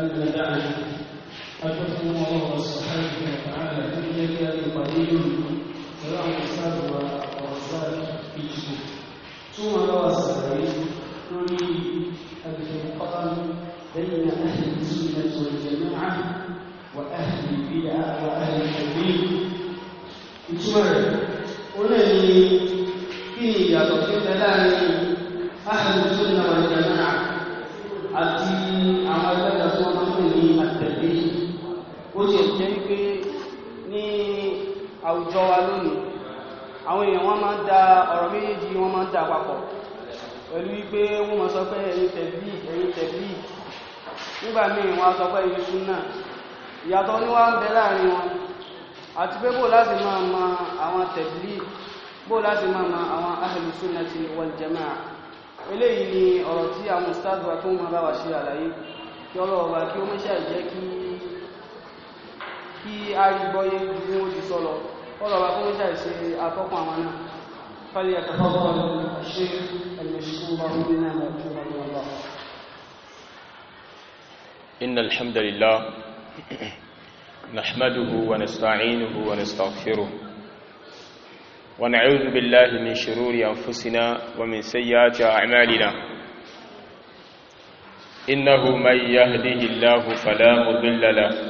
أن دعنا قد فتن الله سبحانه وتعالى كل شيء قدير وله الحساب والرزاق في جسمه ثم روى السبعين تريد الفرقان بين أهل السنة والجماعة وأهل البدع وأهل التبديل ìtumọ̀ rẹ̀ ó lè ní kí ìyàtọ̀ tó tẹ àwùjọ wa lónìí àwọn èèyàn wọ́n máa ń da ọ̀rọ̀ méjèèjì wọ́n máa ń da papọ̀ pẹ̀lú wípé wọ́n máa sọ pé ẹ̀yin tẹ̀bí ẹ̀yin tẹ̀bí nígbà míì wọ́n á sọ pé ẹ̀yin súnà ìyàtọ̀ ni wọ́n á ń bẹ láàrin wọn àti pé bó láti máa ma àwọn tẹ̀bí bó láti máa ma àwọn ahlu sunnati wal jamaa eléyìí ni ọ̀rọ̀ tí àwọn ustaz wa tó máa bá wa ṣe àlàyé kí ọlọ́ọ̀bá kí ó mọ́ṣẹ́ àìjẹ́ kí kí a rí gbọ́yé bí wọ́n ti sọ lọ قولوا أقول جالسي أقوم معنا فليتفضل الشيخ المشكور منا مأجورا من الله إن الحمد لله نحمده ونستعينه ونستغفره ونعوذ بالله من شرور أنفسنا ومن سيئات أعمالنا إنه من يهده الله فلا مضل له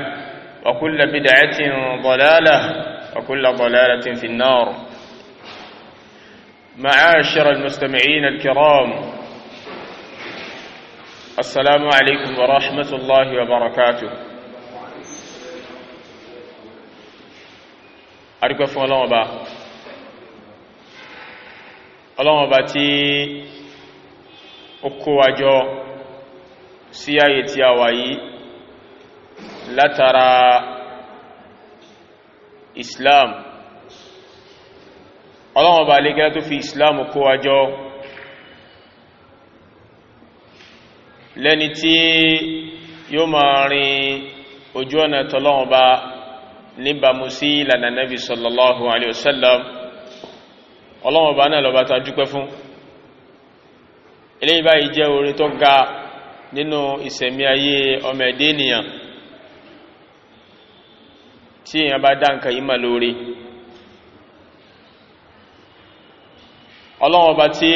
وكل بدعة ضلالة وكل ضلالة في النار معاشر المستمعين الكرام السلام عليكم ورحمة الله وبركاته أرجو فلان أبا ọlọ́wọ́n bá تي أكو kó wájọ́ sí ayé látara islam ọlọ́wọ́n bá lè gẹ́lẹ́ tó fi islam kó wájọ́ lẹ́ni tí yóò máa rin ojú ọ̀nà tọ́lọ́wọ́n bá níbàmú sí ìlànà nabi sallallahu alayhi wasallam ọlọ́wọ́n bá náà lọ́bá ta dúpẹ́ fún eléyìí báyìí jẹ́ orin tó ga nínú ìsẹ̀mí ayé ọmọ ẹ̀dẹ́ ènìyàn tí èyàn bá dá nǹkan yìí mà lórí ọlọ́wọ́n bá tí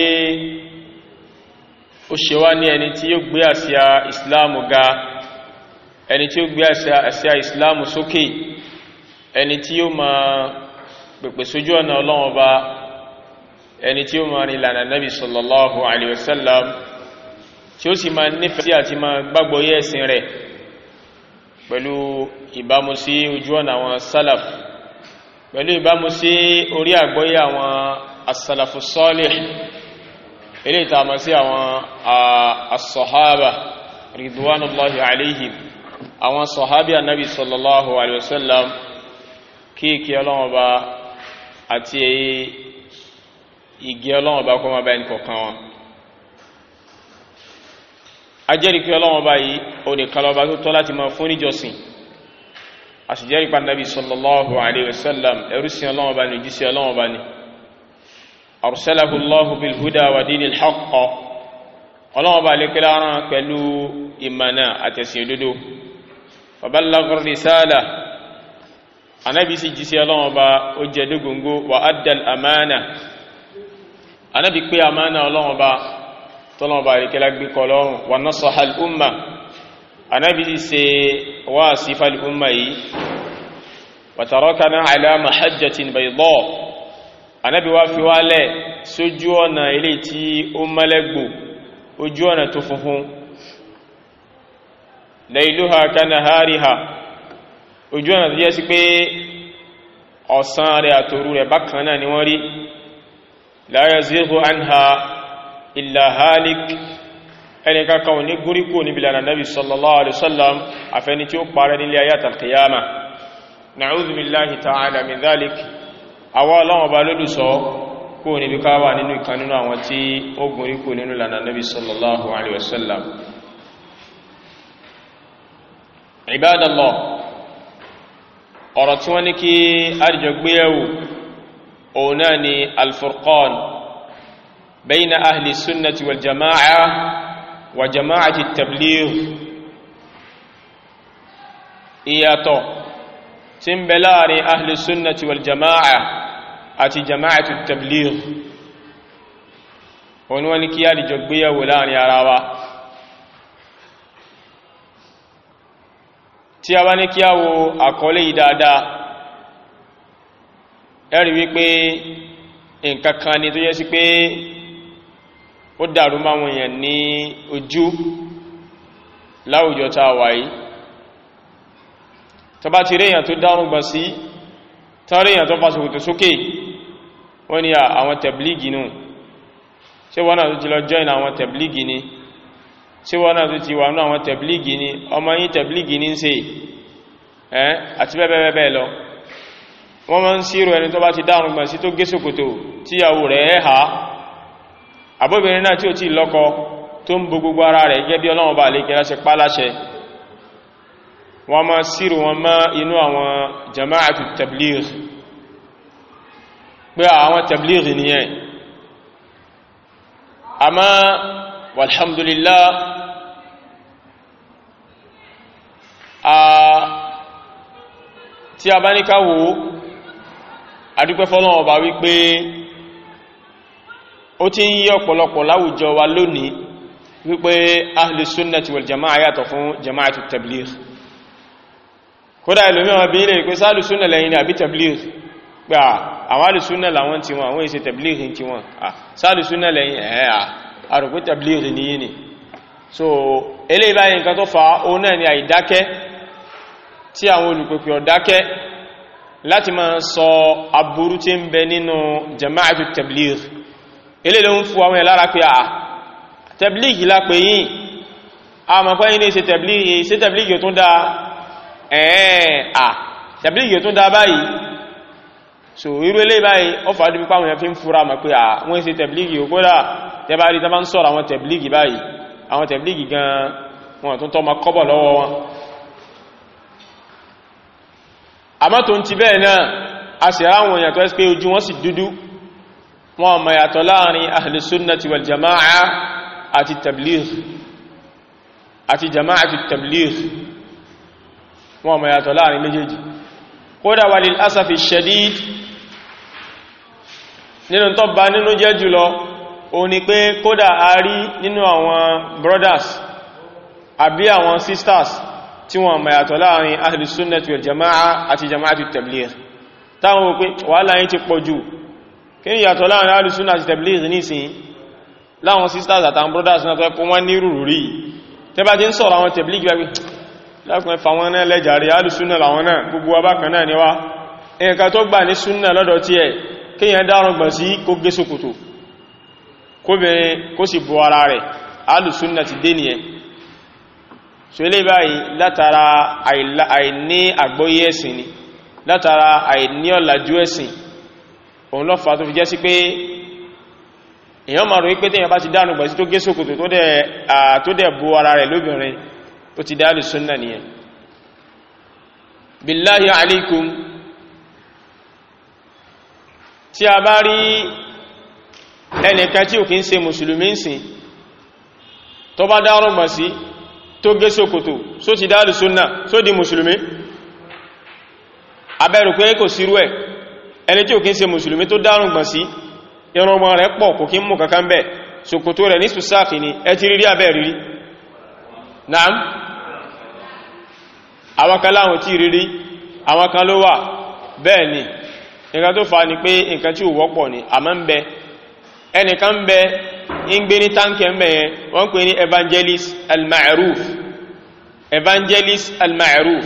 ó ṣe wá ní ẹni tí yóò gbé àsíá ìsìláàmù ga ẹni tí ó gbé àsíá ìsìláàmù sókè ẹni tí yóò ma pẹ̀pẹ̀ sójú ọ̀nà ọlọ́wọ́n bá ẹni tí ó ma rí lànà nábì sallallahu alaihi tí ó sì nífẹ̀ẹ́ sí àti yẹ́ pẹ̀lú ìbámu sí ojú ọ̀nà àwọn salaf pẹ̀lú ìbámu sí orí àgbọ́yé àwọn asalafu sọ́lẹ̀ ilé ìtàmà sí àwọn asọ̀hábà ridwanullahi alaihim àwọn sọ̀hábí annabi sallallahu alaihi wasallam kíkí ọlọ́wọ́ba àti igi ọlọ́wọ́ba kọmọ bẹ́ẹ̀ kọ̀kan wọn ajẹ́rìí pé ọlọ́wọ́n báyìí onìkan lọ́ba tó tọ́ láti máa fún níjọsìn àṣìjẹ́rìí pa nàbí sallallahu alayhi wa sallam ẹrú sí ọlọ́wọ́n bá ní ojú sí ọlọ́wọ́n bá ní arsalahu Allahu bil huda wa dinil haqq ọlọ́wọ́n bá lè kílá rán pẹ̀lú ìmọ̀nà àtẹ̀sìn òdodo fabalagur risala anábì sì jí tọ́lọ́mọ bá rí kẹlá gbé kọlọ́rùn wà náà sọ al'umma anábi ti se wá sí fal'umma yìí wàtàrọ́ka náà alama hajjatin bai lọ anábi wá fi wálẹ̀ sójú ọ̀nà ilé tí ó mẹ́lẹ́gbò ojú ọ̀nà tó funfun lailuha kana hariha ojú ọ̀nà tó jẹ́ sí pé ọ̀sán rẹ̀ àtòrú rẹ̀ bákan náà ni wọ́n rí la yazighu anha illa halik ẹni kankan ní gúríkò níbi lànà nabi sallallahu alaihi wasallam afẹni tí ó parẹ́ nílé ayat alkiyama na'udhu billahi ta'ala min dhalik àwọn aláwọ̀ bá lódù sọ kó níbi káwà nínú ìkan nínú àwọn tí ó gúríkò nínú lànà nabi sallallahu alaihi ọ̀rọ̀ tí wọ́n ní kí arjọ gbéyàwó òun náà ni alfurqan بين أهل السنة والجماعة وجماعة التبليغ إياتو تنبلاري أهل السنة والجماعة أتي جماعة التبليغ ونوان كيالي جبية ولاني عراوة tí a bá ní kí a àkọlé yìí dáadáa wípé nǹkan kan ni tó yẹ sí pé ó dàrú máwọn èèyàn ní ojú láwùjọ tá a tó bá ti réyàn tó dárùn gbà sí tán réyàn tó fásitì sókè wọ́n ni àwọn tẹ̀blígì nù ṣé wọ́n náà tó ti lọ join àwọn tẹ̀blígì ni ṣé wọ́n náà tó ti wà ní àwọn tẹ̀blígì ni ọmọ yí tẹ̀blígì ní ṣe ẹ́ àti bẹ́ẹ̀bẹ́ẹ̀ lọ wọ́n máa ń sírò ẹni tó bá ti dárùn gbà sí tó gé ṣòkòtò tíyàwó rẹ̀ ẹ́ ha àbóbìnrin náà tí ó ti lọ́kọ tó ń bo gbogbo ara rẹ̀ gẹ́gẹ́ bí ọlọ́run bá lè kẹ́lá ṣe páláṣẹ wọ́n máa sírù wọn mọ́ inú àwọn jama'atu tabligh pé àwọn tabligh a àmọ́ walhamdulillah tí a bá ní káwò adúpẹ́ fọ́lọ́run wípé ó ti ń yí ọ̀pọ̀lọpọ̀ láwùjọ wa lónìí wípé ahlùsúnnàtí wal jama'a yàtọ̀ fún jama'atu tabligh kódà ìlúmíwọ̀n bí ilẹ̀ ìpé sáàlùsúnnà lẹ́yìn ní àbí tabligh pé àwọn alùsúnnà làwọn ti wọn àwọn èsì tabligh ti wọn so eléyìí báyìí fa òun ni àìdákẹ́ tí àwọn olùpẹ̀pẹ̀ ọ̀dákẹ́ láti máa sọ aburú tí ń bẹ nínú jama'atu eléèlé ń fún àwọn ẹ̀lára pé àà ah, tẹ̀blígì lápé yìí a mọ̀ pé ní ṣe tẹ̀blígì ò tún dá ẹ̀ẹ́n à tẹ̀blígì tún dá báyìí so irú ilé báyìí ó fàájú pípa àwọn ẹ̀fín fúra mọ̀ pé à wọ́n ṣe tẹ̀blígì ò kódà tẹ́bá rí tẹ́bá ń sọ̀rọ̀ àwọn tẹ̀blígì báyìí àwọn tẹ̀blígì gan wọn tún tọ́ ma kọ́bọ̀ lọ́wọ́ wọn ma yàtọ̀ láàrin ahlùsúnnàtí wal jama'a àti tabligh àti jama'atu tabligh wọn ma yàtọ̀ láàrin méjèèjì kódà wà lil asafi shadid nínú tó bá nínú jẹ́ jùlọ o ni pé kódà a rí nínú àwọn brothers àbí àwọn sisters tí wọn ma yàtọ̀ láàrin ahlùsúnnàtí wal jama'a àti jama'atu tabligh táwọn wípé wàhálà yìí ti pọ̀ jù kí ni yàtọ̀ láàrin alùsùn àti tẹ̀blìrì nísìn láwọn sisters àtàwọn brothers náà tó ẹkùn wọn ní rúrù rí tẹ́bá ti ń sọ̀rọ̀ àwọn tẹ̀blìrì gbẹ́gbẹ́ lákùnrin fàwọn náà lẹ́jàrí alùsùn náà làwọn náà gbogbo abákan náà níwá ẹ̀ẹ̀ka tó gbà ní súnnà lọ́dọ̀ tí ẹ̀ kí yẹn dárùn gbọ̀n sí kó gé sókòtò kóbìnrin kó sì báyìí látara àìní àgbóyé ẹ̀sìn ni látara àìní ọ̀làjú ẹ̀sìn òun lọ́fà tó fi jẹ́ sí pé èyàn máa rò wípé tẹ́yàn bá ti dánù gbẹ̀sí tó gé sókòtò tó dẹ̀ bo ara rẹ̀ lóbìnrin ó ti dá lùsùnnà nìyẹn billahi alaikum tí a bá rí ẹnìkan tí ò kí ń sìn tó bá dárùn gbẹ̀sí tó gé sókòtò só ti dá lùsùnnà só di mùsùlùmí abẹ́rù pé kò sírú ẹ̀ ẹni tí ò kí ń ṣe mùsùlùmí tó dárùn gbọ̀n sí irun ọmọ rẹ̀ pọ̀ kò kí ń mú kankan bẹ́ẹ̀ ṣòkòtò rẹ̀ ní sùsáàkì ni ẹ ti rírí abẹ́ rírí naam àwọn kan láwọn tí rírí àwọn kan ló wà bẹ́ẹ̀ ni nǹkan tó fa ni pé nǹkan tí ò wọ́pọ̀ ni àmọ́ ń bẹ ẹnìkan ń bẹ ń gbé ní táǹkì ń bẹ yẹn wọ́n pè ní evangelist al-ma'ruf evangelist al-ma'ruf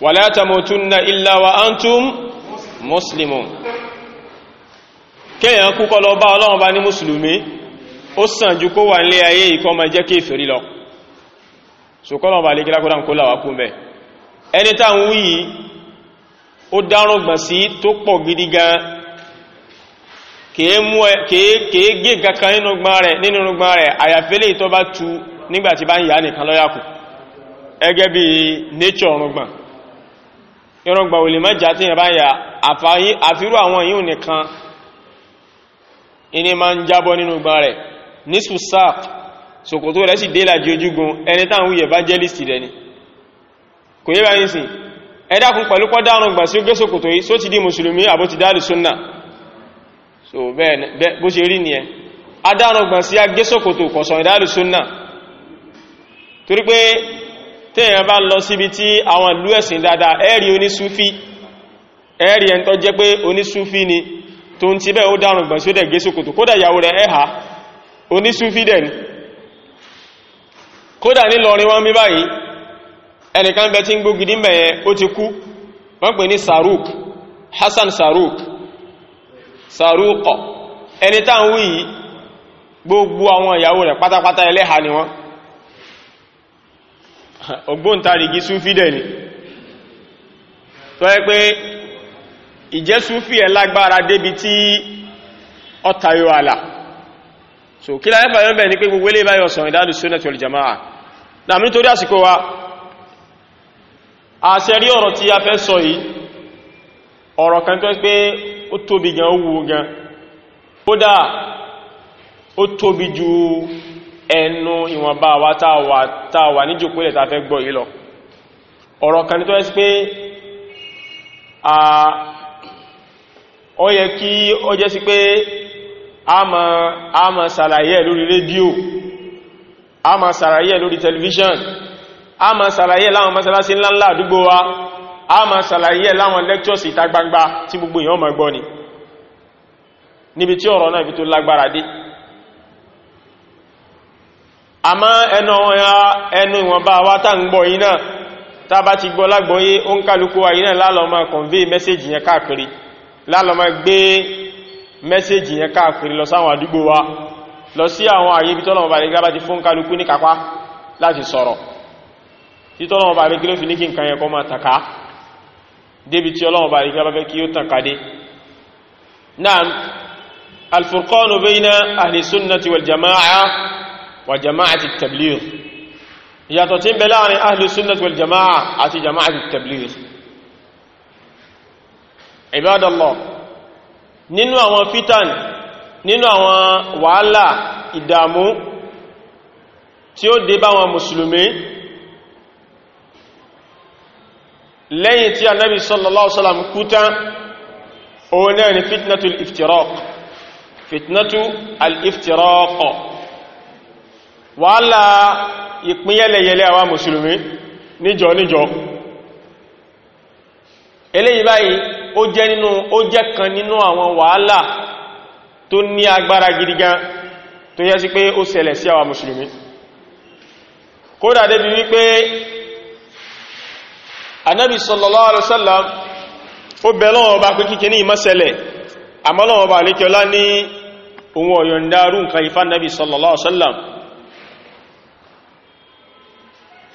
ولا تموتن إلا وأنتم مسلمون kéèyàn kú kó lọ bá Ọlọ́run bá ní mùsùlùmí ó sàn ju kó wà nílé ayé ìkọ́ ma jẹ́ kéfèrí lọ ṣùkọ́lọ̀ bá lè kílákọ́lá ń kó làwà kú mẹ́ ẹni tá ń wúyí ó dárùngbọ̀n sí tó pọ̀ gidi gan kèé gé kankan nínú gbọ́n rẹ̀ àyàfẹ́lẹ̀ tó bá tu nígbàtí bá ń yà nìkan lọ́yàkù ẹgẹ́ bí nature ọ̀rùngbọ̀n ìrọ̀gbà olè mẹ́jà tí yẹn bá yà àfírú àwọn yíò nìkan iní máa ń jábọ́ nínú gbá rẹ̀ ní sùsáàf sòkòtò rẹ̀ sì délàjì ojúgun ẹni táwọn wuyẹ̀ bá jẹ́ lìsì rẹ̀ ni kò yẹ́ báyìí sí ẹ̀dàkùn pẹ̀lú pọ́dárùn gbà sí ó gbé sòkòtò yìí só ti di mùsùlùmí àbó ti dáàlù súnnà so bẹ́ẹ̀ bó téèyàn bá ń lọ síbi tí àwọn ìlú ẹ̀sìn dáadáa ẹ̀rí onísúfí ẹ̀rí ẹn tó jẹ́ pé onísúfí ni tó ń ti bẹ́ ó dárùn gbọ̀n sódẹ̀ gẹ́sùkòtò kódà ìyàwó rẹ̀ ẹ̀hà onísúfí dẹ̀ ni kódà nílọrin wọ́n mí báyìí ẹnìkan Saruk Hassan Saruk Sarukọ ẹni táwọn wí gbogbo àwọn ìyàwó rẹ̀ pátápátá ẹlẹ́hà ni wọ́n ọgbóǹtarìgì súfí dẹ̀ ni tó yẹ pé ìjẹ́ súfí ẹ lágbára débi tí ọtayọ àlà so kí láyé fàyọ́ bẹ̀ ní pé gbogbo ilé báyọ̀ sọ̀rọ̀ ìdádù sunnah wal jama'a nàmì nítorí wa a fẹ́ sọ yìí ọ̀rọ̀ kan tó pé ó tóbi gan ẹnu ìwọ̀nba wa tá a wà ní jòkúlẹ̀ tá a gbọ́ yìí ọ̀rọ̀ kan ní tó ẹ́sí pé a ó yẹ kí ó jẹ́ sí pé a ma sàlàyé lórí rédíò a ma sàlàyé lórí tẹlifíṣàn a ma sàlàyé láwọn mọ́sálásí ńláńlá àdúgbò wa a ma sàlàyé láwọn lectures ìta gbangba tí gbogbo èèyàn ma gbọ́ ni níbi tí ọ̀rọ̀ náà ibi tó lágbára dé àmá ẹnu ọ̀yá ẹnu ìwọ̀nba wá tá ń gbọ́ iná tá bá ti gbọ́ lágbọ́yé ó ń kálukú wa iná lálọ́mà convey mẹ́sẹ̀jì yẹn káàkiri lálọ́mà gbé mẹ́sẹ̀jì yẹn káàkiri lọ sáwọn àdúgbò wa lọ sí àwọn àyè ibi tọ́lọ́mọba rẹ̀ gábá ti fún kálukú ní kápá láti sọ̀rọ̀ tí tọ́lọ́mọba rẹ̀ gílófì wa jama'ati tabligh ìyàtọ̀ tí ń bẹ láàrin ahlu sunnah wal jama'a àti jama'ati tabligh ibadallah nínú àwọn fitan nínú àwọn wàhálà ìdàmú tí ó dé bá wọn mùsùlùmí lẹ́yìn tí anábi sallallahu alaihi wasallam kú tán òun náà ni fitnatul iftiraq fitnatu al-iftiraq wàhálà ìpínyẹlẹyẹlẹ àwa mùsùlùmí níjọ níjọ eléyìí báyìí ó jẹ́ nínú ó jẹ́ kan nínú àwọn wàhálà tó ní agbára gidi gan tó yẹ sí pé ó ṣẹlẹ̀ sí àwa mùsùlùmí kódà débi wípé anábi sallallahu alaihi wasallam ó bẹ̀ lọ́wọ́ ọba pé kíkẹ́ ní ìmọ́sẹ̀lẹ̀ àmọ́lọ́wọ́ ọba àlékẹ́ọlá ní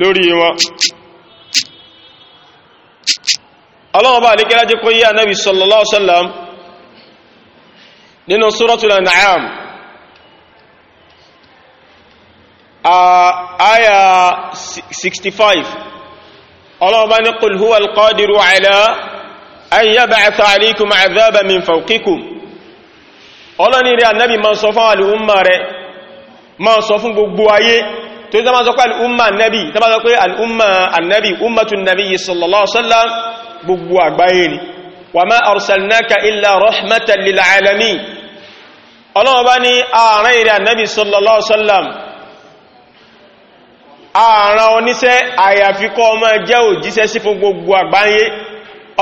lórí wọn ọlọ́wọ́ bá lè kẹ́lájú kó yí ànábì sallallahu alaihi wasallam nínú suratul An'am àyà 65 ọlọ́wọ́ bá ní qul huwa al-qadiru ala an yab'atha alaykum 'adhaban min fawqikum ọlọ́ni rí ànábì ma sọ fún alùhùn ma ma sọ fún gbogbo ayé tó ní tàbí sọ pé al'umma annabi tàbí sọ pé al'umma annabi ummatun nabi sallallahu sallam gbogbo àgbáyé ni wa ma arsalnaka illa rahmatan lil alamin ọlọ́wọ́ bá ní ààrẹ ìrẹ annabi sallallahu sallam ààrẹ oníṣẹ́ àyàfikọ́ ọmọ jẹ́ òjíṣẹ́ sí fún gbogbo àgbáyé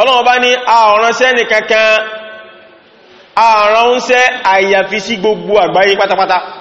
ọlọ́wọ́ bá ní ààrẹ́sẹ́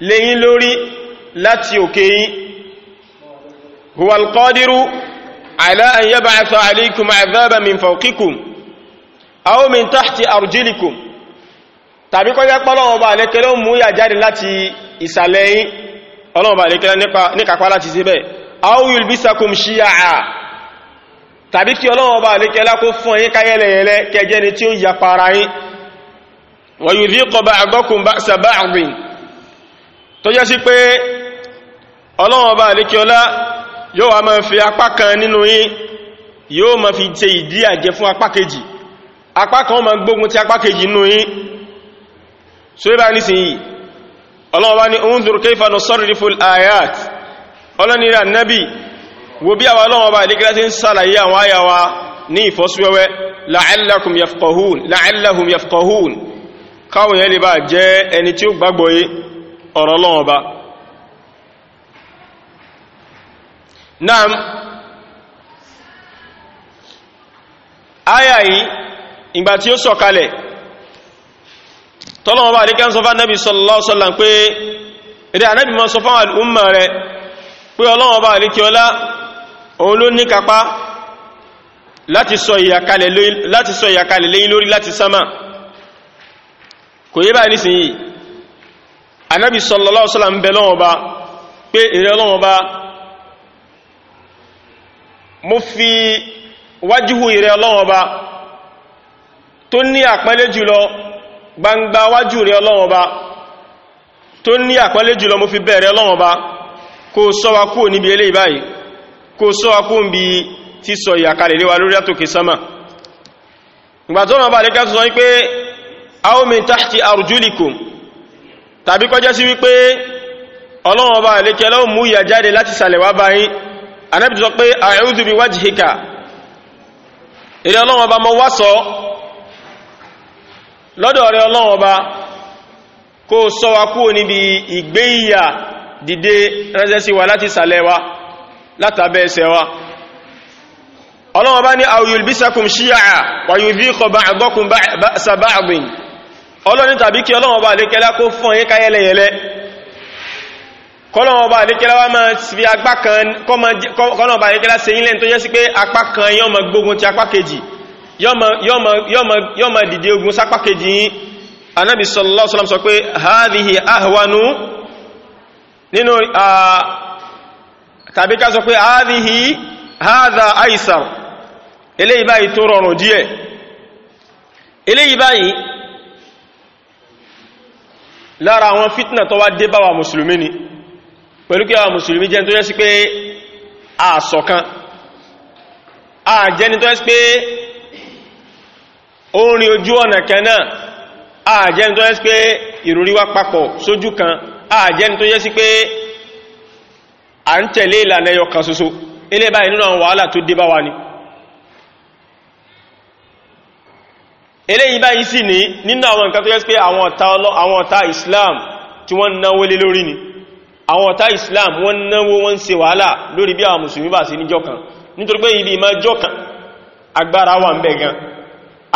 lẹ́yìn lórí láti òkè yín huwalqadiru ala an yab'atha alaykum adhaban min fawqikum aw min tahti arjulikum tàbí kọjá pọ́lọ́wọ́ bá lẹ́kẹ́lẹ́ mú yà jáde láti ìsàlẹ̀ yín ọlọ́wọ́ bá lẹ́kẹ́lẹ́ níkàpá láti bá lẹ́kẹ́lẹ́ kó tó jẹ́ sí pé ọlọ́wọ́n bá àlékiọlá yóò wá máa fi apá kan nínú yín yóò máa fi jẹ ìdí àjẹ fún apá kejì apá kan máa gbógun ti apá kejì nínú yín so ibá ní unzur kayfa nusarrifu ayat ọlọ́nira annabi wo bí àwọn ọlọ́wọ́n bá àlékiọlá ti ń sàlàyé àwọn àyàwá ní ìfọ́síwẹ́wẹ́ la'allakum yafqahun la'allahum yafqahun káwọn yẹn lè bá ọ̀rọ̀ lọ́wọ́ bá náà áyà yìí ìgbà tí ó sọ̀kalẹ̀ ń sọ fá nẹ́bí sọ́lọ́sọ́lá pé èdè ànẹ́bí mọ́ sọ fá al'umma rẹ̀ pé ọlọ́wọ́ bá ọlá òun ló ní kapá láti sọ ìyàkalẹ̀ lẹ́yìn lórí anábì sallallahu alaihi wasallam ń bẹ lọ́wọ́ bá pé èrè lọ́wọ́ bá mo fi wájúhù èrè lọ́wọ́ bá tó ní àpẹẹlẹ jùlọ gbangba wájú rẹ lọ́wọ́ bá tó ní àpẹẹlẹ jùlọ mo fi bẹ̀rẹ̀ lọ́wọ́ bá kó sọ́wá kúrò níbi eléyìí báyìí kó sọ́wá kúrò níbi tí sọ ìyàkalẹ̀ léwa lórí àtòkè sánmà ìgbàtọ́nà tó sọ wípé aw min tàbí kọjá sí wípé ọlọ́run ọba àlékẹ́ ọlọ́run mú ìyà jáde láti sàlẹ̀ wá báyìí anábì sọ pé a'udhu bi wajhika èrè ọlọ́run ọba mọ wá sọ lọ́dọ̀ rẹ ọlọ́run ọba kó sọ wa kúrò níbi ìgbé ìyà dìde ránṣẹ́ sí wa láti sàlẹ̀ wa ọlọ́ni tàbí kí ọlọ́wọ́ bá lékẹ́lá kó fún yín káyẹlẹ̀yẹlẹ́ kọ́lọ́wọ́ bá lékẹ́lá wá máa fi apá kan kọ́lọ́wọ́ bá lékẹ́lá se yínlẹ̀ tó yẹ́ sí pé apá kan yọ́ ma gbógun ti apá kejì yọ́ ma dìde ogun sápá kejì yín anábi sallallahu alaihi wasallam sọ pé hadhihi ahwanu nínú tàbí ká sọ pé hadhihi hadha aisar eléyìí báyìí tó rọrùn díẹ̀ eléyìí báyìí lára àwọn fitna tó wá dé bá wa mùsùlùmí ni pẹ̀lú kí a mùsùlùmí jẹ́ tó yẹ́ sí pé àṣọ̀kan àjẹ́ni tó yẹ́ sí pé orin ojú ọ̀nà kanáà àjẹ́ni tó yẹ́ sí pé ìròrí wa papọ̀ sójú kan àjẹ́ni tó yẹ́ sí pé à ń tẹ̀lé ìlànà ẹyọ kan ṣoṣo ilé báyìí nínú àwọn wàhálà tó dé bá wa ni eléyìí báyìí sì ní nínú àwọn nǹkan tó yẹ́ pé àwọn ọ̀tá islam tí wọ́n náwó lé lórí ni àwọn ọ̀tá islam wọ́n náwó wọ́n ṣe wàhálà lórí bí àwọn musulmi bá sí ní jọkan nítorí pé ibi ìmá jọkan agbára wà ń bẹ̀ gan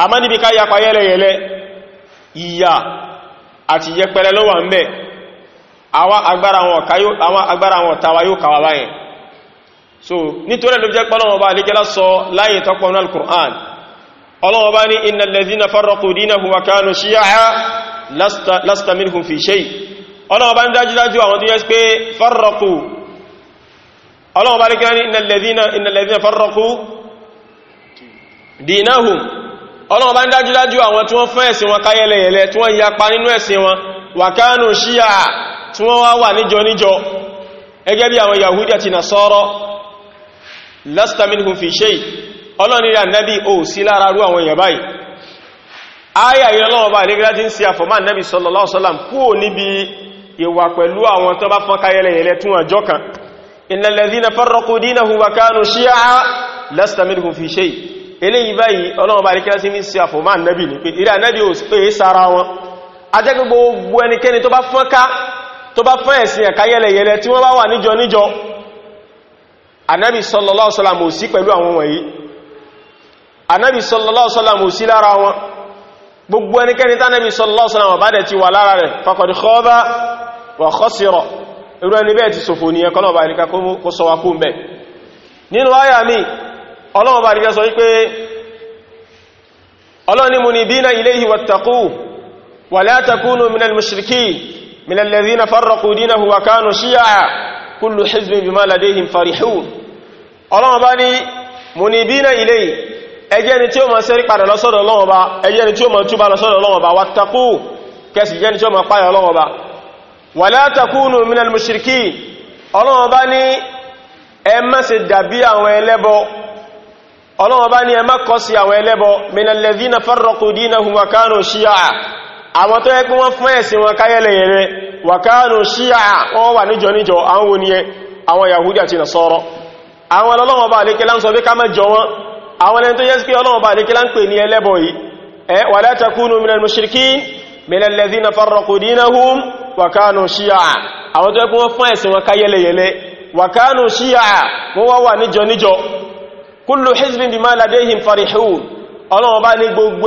àmá níbi ká yapa yẹ́lẹ̀yẹ̀lẹ́ ìyà àti yẹpẹrẹ ló wà ń bẹ̀ àwọn agbára àwọn ọ̀tá so nítorí ló jẹ́ pọ́lọ́wọ́ bá lè jẹ́lá sọ láyé al-Qur'an ọlọ́wọ́ bá ní innal ladhina farraqu dinahum wa kanu shiya'a lasta minhum fi shay' ọlọ́wọ́ bá ń dájúdájú àwọn tó yẹ́ pé farraqu ọlọ́wọ́ bá ní innal ladhina farraqu dinahum ọlọ́wọ́ bá ń dájúdájú àwọn tí wọ́n fẹ́ ẹ̀sìn wọn káyẹlẹ̀yẹlẹ tí wọ́n yapa nínú ẹ̀sìn wọn wa kanu shiya'a tí wọ́n wá wà níjọ níjọ ẹgẹ́ bí àwọn yahudi àti nasọ́rọ̀ lasta minhum fi shay' ọlọ́ni rí ànábì ò sí lára rú àwọn èèyàn báyìí ayà yìí ọlọ́wọ́ bá rí gílájí ń sí àfọ́mà nábì sallallahu alaihi wasallam kúò níbi ìwà pẹ̀lú àwọn tó bá fọ́n káyẹlẹ̀yẹlẹ tún àjọ kan innal ladhina farraqu dinahum wa kanu shi'a lasta minhum fi shay eléyìí báyìí ọlọ́wọ́ bá rí gílájí ń sí àfọ́mà nábì ní pé ìrí ànábì ò pé é sára wọn ajẹ́ gbogbo gbogbo ẹnikẹ́ni tó bá fọ́n ká tó bá fọ́n ẹ̀sìn ẹ̀káyẹlẹ̀yẹlẹ tí wọ́n bá wà níjọ níjọ ànábì sallallahu alaihi wasallam ò sí pẹ̀lú àwọn wọ̀nyí anábi sallallahu alaihi wasallam ò sí lára wọn gbogbo ẹnikẹ́ni tánábi sallallahu alaihi wasallam bá dẹ̀ ti wà lára rẹ̀ faqad khaba wa khasira irú ẹni bẹ́ẹ̀ ti sòfò ní ẹkọ́ lọ́wọ́ àríká kó sọ wa kún bẹ́ nínú ayà mi ọlọ́wọ́ àríká sọ wípé ọlọ́ni munibina ilayhi wattaqu wa la takunu minal ẹjẹ́ ni tí ó ma ṣẹ́rí padà lọ́sọ́dọ̀ Ọlọ́run Ọba ẹjẹ́ ni tí ó ma túbà lọ́sọ́dọ̀ Ọlọ́run Ọba wàtàkù kẹsì jẹ́ ni tí ó ma páyà Ọlọ́run Ọba wala takunu minal mushrikin Ọlọ́run Ọba ní ẹ má ṣe dàbí àwọn ẹlẹ́bọ Ọlọ́run Ọba ní ẹ má kọ́ sí àwọn ẹlẹ́bọ minal àlékẹ́lá ń sọ bí ká má wọn àwọn ẹni tó yẹ́ sí pé ọlọ́wọ́ bá alékílá ń pè ní ẹlẹ́bọ̀ yìí ẹ wala takunu minal mushrikin minal ladhina farraqu dinahum wa kanu shiya'a àwọn tó ẹkùn wọ́n fún ẹ̀sìn wọn káyẹlẹyẹlẹ wa kanu shiya'a wọ́n wá wà níjọ níjọ kullu hizbin bima ladayhim farihun ọlọ́wọ́ bá ní gbogbo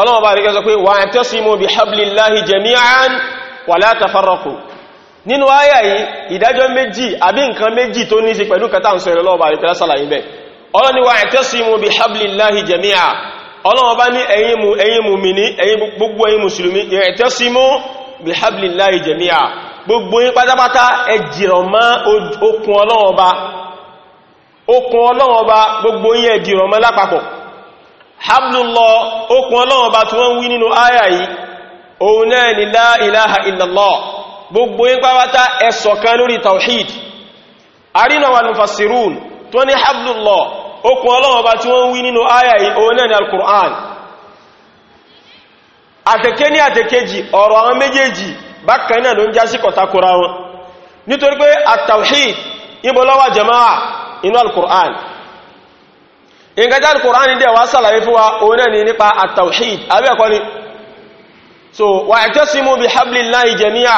ọlọ́wọ́ bá rí kẹ́ sọ pé wa'tasimu bihablillahi jami'an wa la tafarraqu nínú ayà yìí ìdájọ́ méjì àbí nǹkan méjì tó ní sí pẹ̀lú kẹta ń sọ ìrọlọ́wọ́ bá rí kẹ́ sálàyé bẹ́ ọlọ́ ni wa'tasimu bihablillahi jami'an ọlọ́wọ́ bá ní ẹ̀yin mú ẹ̀yin mú mi ní ẹ̀yin gbogbo ẹ̀yin mùsùlùmí i'tasimu bihablillahi jami'an gbogbo yín pátápátá ẹ dìrọ̀ mọ́ okùn hamdullah okùn ọlọ́wọ̀n bá tí wọ́n wí nínú àyà yìí òun náà ni la ilaha illallah gbogbo yín pàwátá ẹ̀sọ̀ kan lórí tawhid arínàwà mufassirun tó ní hamdullah okùn ọlọ́wọ̀n bá tí wọ́n wí nínú àyà yìí òun náà ni al-Qur'an al-Qur'an nǹkan jáde kùránì dẹ̀ wá sàlàyé fún wa òun náà nípa àtàwíd abẹ́ẹ̀kọ́ ni so wà ẹ̀tẹ́símú bí hablillahi jẹ̀míà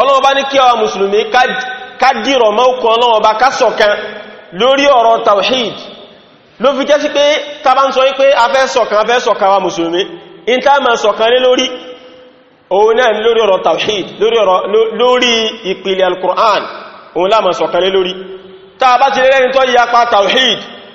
ọlọ́wọ́ bá ní kí ọwà mùsùlùmí kádìrọ̀ mọ́kàn ọlọ́wọ́ bá kásọ̀kan lórí ọ̀rọ̀ tàwíd ló fi jẹ́ sí pé tàbá ń sọ wípé afẹ́ ṣọ̀kan afẹ́ ṣọ̀kan wa mùsùlùmí in tá ma ṣọ̀kan lé lórí òun náà ni lórí ọ̀rọ̀ tàwíd lórí tàwíd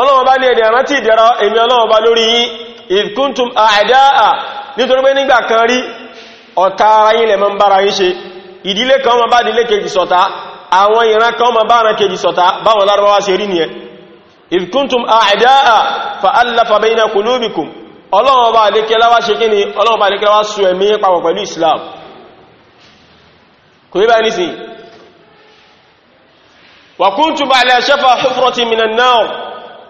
ọlọ́wọ́n bá ní ẹ̀dẹ̀ rántí ìdẹ̀ra èmi ọlọ́wọ́n bá lórí yín ìkúntùm àdáà nítorí pé nígbà kan rí ọ̀tá ara yín lẹ̀ mọ́ ń bára yín ṣe ìdílé kan ma bá dílé kejì ṣọ̀tá àwọn ìran kan ma bá ran kejì ṣọ̀tá báwọn lárúbáwá ṣe rí nìyẹn ìkúntùm àdáà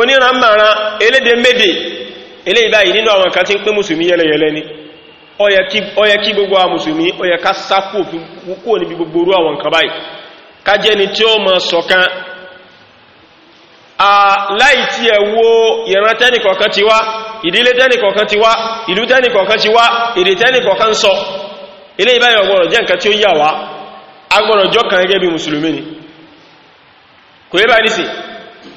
oníranmára elédè médè ilé ìbáyìí nínú àwọn kan tí ń pín mùsùlùmí yẹlẹyẹlẹ ni ó yẹ kí gbogbo àwọn mùsùlùmí ó yẹ ká sákò kúrò níbi gbogbo orú àwọn nǹkan báyìí ká jẹ́ ni tí ó mọ ṣọ̀kan láì tí ẹ e wo ìran ti wá ti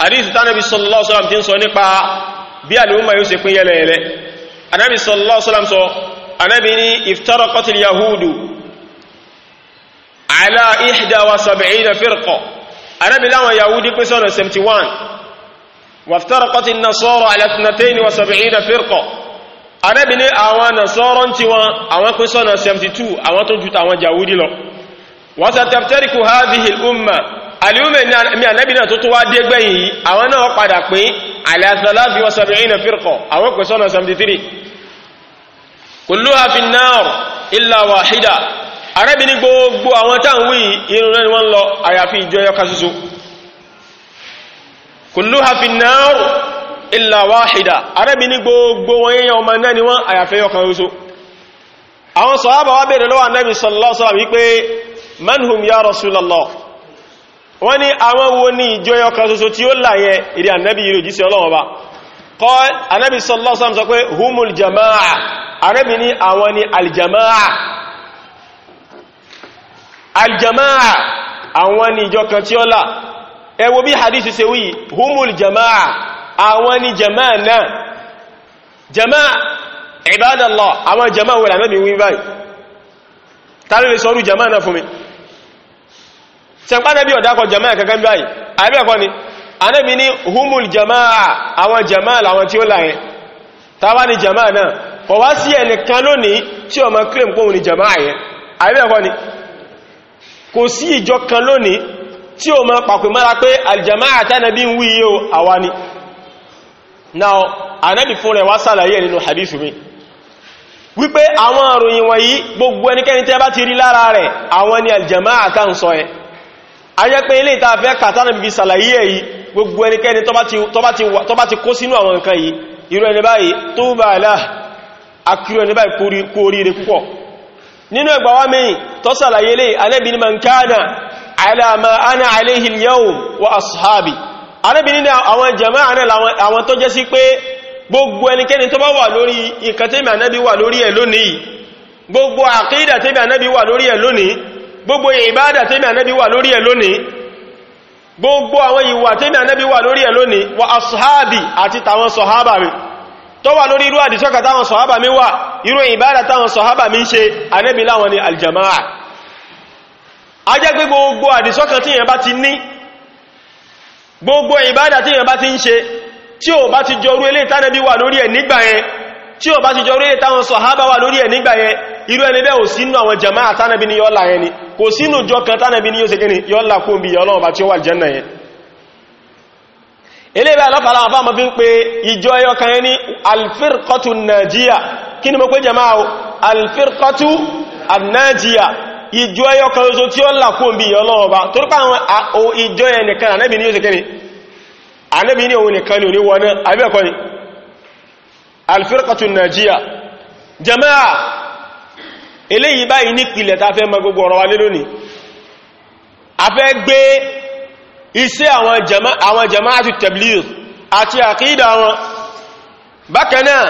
hadith tánàbí sallallahu alaihi wasallam ti ń sọ nípa bí alìmọ́ yóò ṣe pín yẹlẹ̀yẹlẹ anábi sallallahu alaihi wasallam sọ anábi ní iftaraqatil yahudu ala ihda wa sab'ina firqa anábi láwọn yahudi pín sọ́nà 71 waftaraqatil nasara ala ithnatayn wa sab'ina firqa anábi ní àwọn nasara ti wọn àwọn pín sọ́nà 72 àwọn tó ju tàwọn yahudi lọ wa sataftariqu hadhihi al-umma alìúmẹ̀ ní ànábì náà tó tó wá dé gbẹ̀yìn yìí àwọn náà padà pín àlàsàlásì wọ́n sọ̀rọ̀ ìrìnà fírkọ̀ àwọn pè sọ́nà 73 kulluha fin nar illa wahida arẹ́bì ní gbogbo àwọn táwọn ìrìn rẹ̀ wọ́n lọ àyàfi ìjọ ẹyọ kan ṣoṣo kulluha fin nar illa wahida arẹ́bì ní gbogbo wọn yẹn ọmọ náà ni wọ́n àyàfi ẹyọ kan ṣoṣo àwọn sọ̀hábà wá bèèrè wọ́n ní àwọn wo ní ìjọyọ kan ṣoṣo tí ó láyẹ ìrí ànábì yìí òjísẹ́ ọlọ́wọ́ bá kọ́ ànábì sọlọ́sọ́m sọ pé humul jama'a ànábì ní àwọn ni aljama'a aljama'a àwọn ni ìjọ kan tí ó lá ẹ wò bí hadith ṣe wí humul jama'a àwọn ni jama'a náà jama'a ibadallah àwọn jama'a wọ́n ànábì wí báyìí sẹ́pá nẹ́bí ọ̀dákọ̀ jama'a kankan bí báyìí àbí ẹ̀kọ́ ni anẹ́bí ní humul jama'a àwọn jama'a làwọn tí ó láyẹ tàbá ni jama'a náà kọ̀ wá sí ẹnìkan lónìí tí ọmọ claim kóhun ni jama'a yẹ àbí ẹ̀kọ́ ni kò sí ìjọ kan lónìí tí ó ma pàpẹ mọ́ra pé aljama'a tánàbí ń wí yíò àwa ni now anẹ́bí fún rẹ̀ wá sàlàyé nínú hadithu mi wípé àwọn àròyìn wọ̀nyí gbogbo ẹnikẹ́ni tẹ́ bá ti rí lára rẹ̀ àwọn ni aljama'a tá ń ayẹ́ pé ilé ìta fẹ́ kàtánà bí sàlàyé ẹ̀ yìí gbogbo ẹnikẹ́ni tó bá ti kó sínú àwọn nǹkan yìí irú ẹni báyìí tó bá aláà akírò ẹni báyìí kó oríire púpọ̀ nínú ẹgbà wá mẹ́yìn tó sàlàyé lè Ànábì ní ana alayhi al wa ashabi Ànábì ní àwọn jama'a náà àwọn tó jẹ́ sí pé gbogbo ẹnikẹ́ni tó bá wà lórí ìkàtẹ́mì Ànábì wà lórí ẹ̀ lónìí gbogbo àkídà tẹ́mì Ànábì gbogbo ìbádà tẹ́mì ànábí wà lórí ẹ̀ lónìí gbogbo àwọn ìwà tẹ́mì ànábí wà lórí ẹ̀ lónìí wa ashabi àti tàwọn sọ̀hábà mi tó wà lórí irú àdìsọ́kà táwọn sọ̀hábà mi wà irú ìbádà táwọn sọ̀hábà mi ṣe ànábí láwọn ni aljama'a a jẹ́ pé gbogbo àdìsọ́kà tí yẹn bá ti ní gbogbo ìbádà tí yẹn tí ó bá ti jọ orílẹ̀ táwọn sàhábà wà lórí ẹ̀ nígbà yẹn irú ẹni bẹ́ẹ̀ ò sínú àwọn jama'a tánàbí ni yọ́lá yẹn ni kò sínú jọ kan tánàbí ni yóò se kíni yọ́lá kó bí Ọlọ́run bá tí ó wà jẹ́nà yẹn eléyìí lọ́fàá àwọn afáàmọ́ fi ń pe ìjọ ẹyọ kan yẹn ní alfirqatu najiya kí ni mo pé jama'a o alfirqatu najiya ìjọ ẹyọ kan oṣo tí ó là kó bí Ọlọ́run bá torípa àwọn ìjọ ẹnìkan ànẹ́bì yóò se kíni ànẹ́bì òun nìkan ni òní wọ náà ni alfirqatu najiya jama'a eléyìí báyìí ní pìlẹ̀ ta fẹ́ mọ gbogbo ọ̀rọ̀ wa lé lónìí a fẹ́ gbé iṣẹ́ àwọn jama'a àwọn jama'atu tabligh àti àkídà wọn bákanáà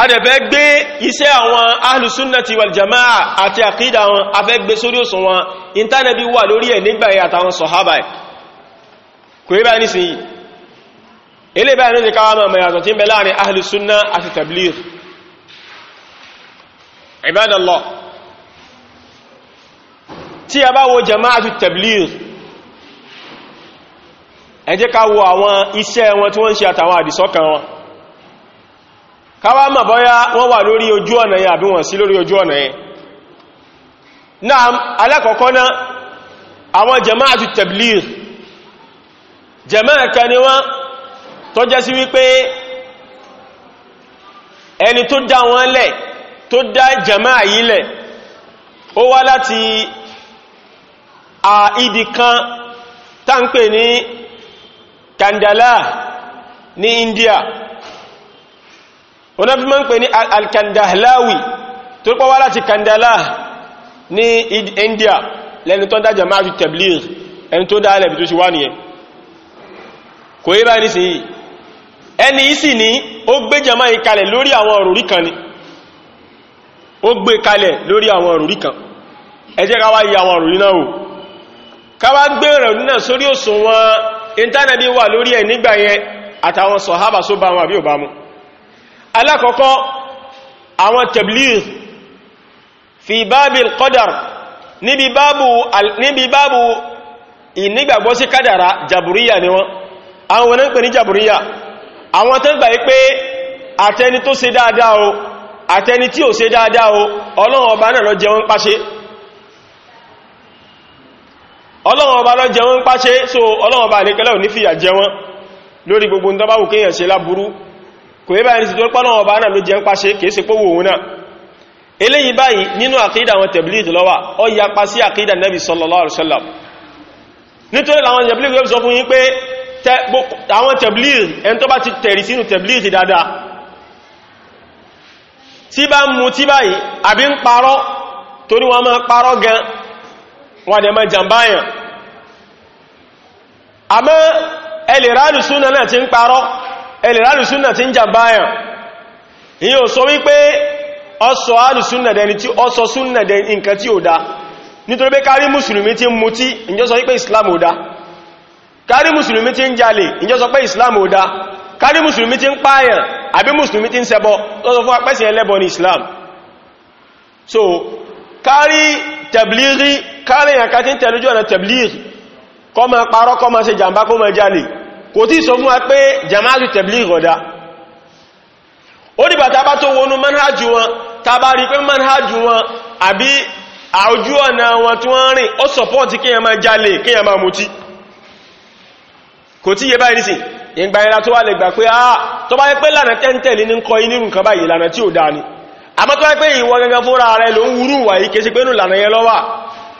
a dẹ̀ fẹ́ gbé iṣẹ́ àwọn ahlu sunnati wal jama'a àti àkídà wọn a fẹ́ gbé sórí òsùn wọn intanẹ́bí wà lórí ẹ̀ nígbà yàtàwọn sọ̀hábà kò yí bá nísìnyí ilé bá ní ká wọ́n mọ̀ yàtọ̀ tí ń bẹ láàrin ahìlùsúnná àti tabligh ibadallah tí a bá wo jama'atu tabligh tablir? jẹ́ ká wo àwọn iṣẹ́ wọn tí wọ́n ṣe àtàwọn wọn káwà mọ̀ bọ́yá wọ́n wà lórí ojú ọ̀nà yẹn àbí wọ́n sí lórí ojú ọ̀nà yẹn náà alákọ̀ọ́kọ́ náà àwọn jama'atu jama'a kan ni wọ́n tó jẹ́ sí wípé ẹni tó dá wọn lẹ̀ tó dá jàmáà yìí ó wá láti a ibi kan táǹpè ní kandala ní India wọ́n fi máa ń pè ní alkandahlawi tó pọ́ wá láti kandala ní India lẹ́ni tó dá jàmáà ju tabligh ẹni tó dá lẹ́bi tó ṣe wá nìyẹn kò yí báyìí nísìnyí ẹni isi ni ó gbé jẹmọ́ ìkalẹ̀ lórí àwọn òrùrí kan ni ó gbé kalẹ̀ lórí àwọn òrùrí kan ẹ ká wá yí àwọn òrùrí náà o ká wá gbé ìrọ̀lú náà sórí òṣùwọ̀n ìntánẹ́bí wà lórí ẹ̀ nígbà yẹn àtàwọn sọ̀hábà só bá wọn àbí mu alákọ̀ọ́kọ́ àwọn tabligh fi ni àwọn wọn pè ní jàbùríyà àwọn tó gbà wípé àtẹni tó ṣe dáadáa o àtẹni tí ò ṣe dáadáa o ọlọ́run ọba náà ló jẹ wọ́n ọlọ́run ọba ló jẹ wọ́n so ọlọ́run ọba àlékẹ́lẹ́ ò ní fìyà jẹ wọ́n lórí gbogbo ń tọ́báwù kéèyàn ṣe láburú kò yí báyìí tó pọ́lọ́run ọba náà ló jẹ páṣe kìí ṣe pówó òun náà eléyìí báyìí nínú àkídà àwọn tẹ̀blìtì ló wà ó yapa sí àkídà nẹ́bì sallallahu alaihi àwọn tẹ̀blìr ẹni tó bá ti tẹ̀rì sínú tẹ̀blìr dáadáa tí bá mú tí báyìí àbí ń parọ́ torí wọ́n máa parọ́ gan wọ́n dẹ̀ máa jàmbáyàn àmọ́ ẹlẹ̀rálùsúnà náà ti ń parọ́ ẹlẹ̀rálùsúnà ti ń jàmbáyàn ìyẹn ò sọ wípé ọsọ̀ alùsúnà dẹni tí ọsọ̀ islam ò kárí musulmi ti ń jalè ìjọ sọ pé islam ò dá kárí musulmi ti ń pààyàn àbí musulmi ti ń ṣẹbọ lọ́sọ fún apẹ́sìn ẹlẹ́bọ ní islam so kárí tẹ̀blìrì kárí ẹ̀ka tí ń tẹ̀lójú ọ̀nà tẹ̀blìrì kọ́ ma parọ́ kọ́ ma ṣe jàmbá kó ma jalè kò tí sọ fún wa pé jamaatu tẹ̀blìrì ọ̀dá ó dìgbà tá bá tó wọnú manhajú wọn tá bá rí pé manhajú wọn àbí àójú ọ̀nà wọn tí wọ́n rìn ó sọ̀pọ̀ tí kíyàn ma jalè kíyàn ma mutí kò tí yẹ báyìí nísìn ìgbà ìlà tó wà lè gbà pé ah tó bá yẹ pé lànà tẹ́ntẹ̀lì ní kọ inú nǹkan báyìí lànà tí ò dáa ni àmọ́ tó wá pé ìwọ gangan fúnra rẹ ló ń wúrú wà yìí kéṣe pé nù lànà yẹn lọ́wà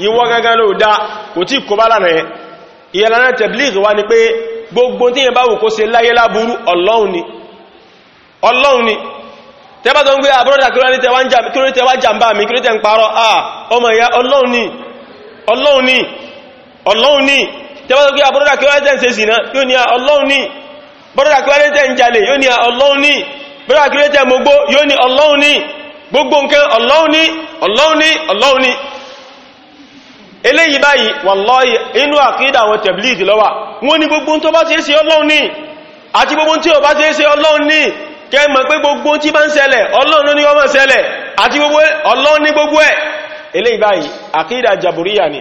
ìwọ gangan ló dá kò tí kò bá lànà gbogbo tí yẹn bá wù kó láyé tẹ́wọ́n pé àbúrọ́dà ah, kí wọ́n tẹ́ǹsẹ̀ sí náà yóò ní ọlọ́run ní bọ́dọ̀dà kí wọ́n tẹ́ǹ jalè yóò ní ọlọ́run ní bọ́dọ̀dà kí wọ́n tẹ́ mọ́gbó yóò ní ọlọ́run ní gbogbo nǹkan ọlọ́run ní ọlọ́run ní ọlọ́run ní eléyìí báyìí wàlláhì inú àkídà àwọn tẹ̀blíìdì lọ́wà wọ́n ní gbogbo tó bá ṣe é ṣe ọlọ́run ní àti gbogbo tí ó bá ṣe é ṣe ọlọ́run ní kẹ́ mọ̀ pé gbogbo tí bá ń ṣẹlẹ̀ ọlọ́run ní ó máa ṣẹlẹ̀ àti gbogbo ọlọ́run ní gbogbo ẹ̀ eléyìí báyìí àkídà jàbúríyà ni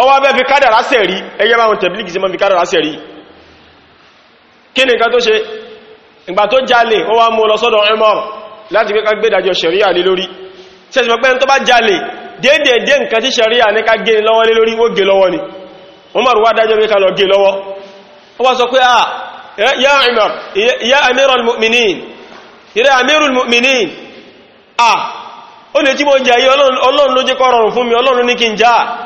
ọwọ́ abẹ́ fi kádàrá sẹ̀rí ẹgbẹ́ báwọn tẹ̀blíkì sí mọ́ fi kádàrá sẹ̀rí kí ni nǹkan tó ṣe ìgbà tó jalè ó wá mú lọ sọ́dọ̀ Umar láti pé ká gbédàjọ ṣẹ̀ríà lé lórí sẹ́sì mọ̀ pé tó bá jalè déédéé nǹkan tí ṣẹ̀ríà ní ah, ya Umar ya amirul mu'minin ya amirul mu'minin à ah, ó lè tí mo jẹ́ yí ọlọ́run ló jẹ́ kó fún mi ọlọ́run ní kí n já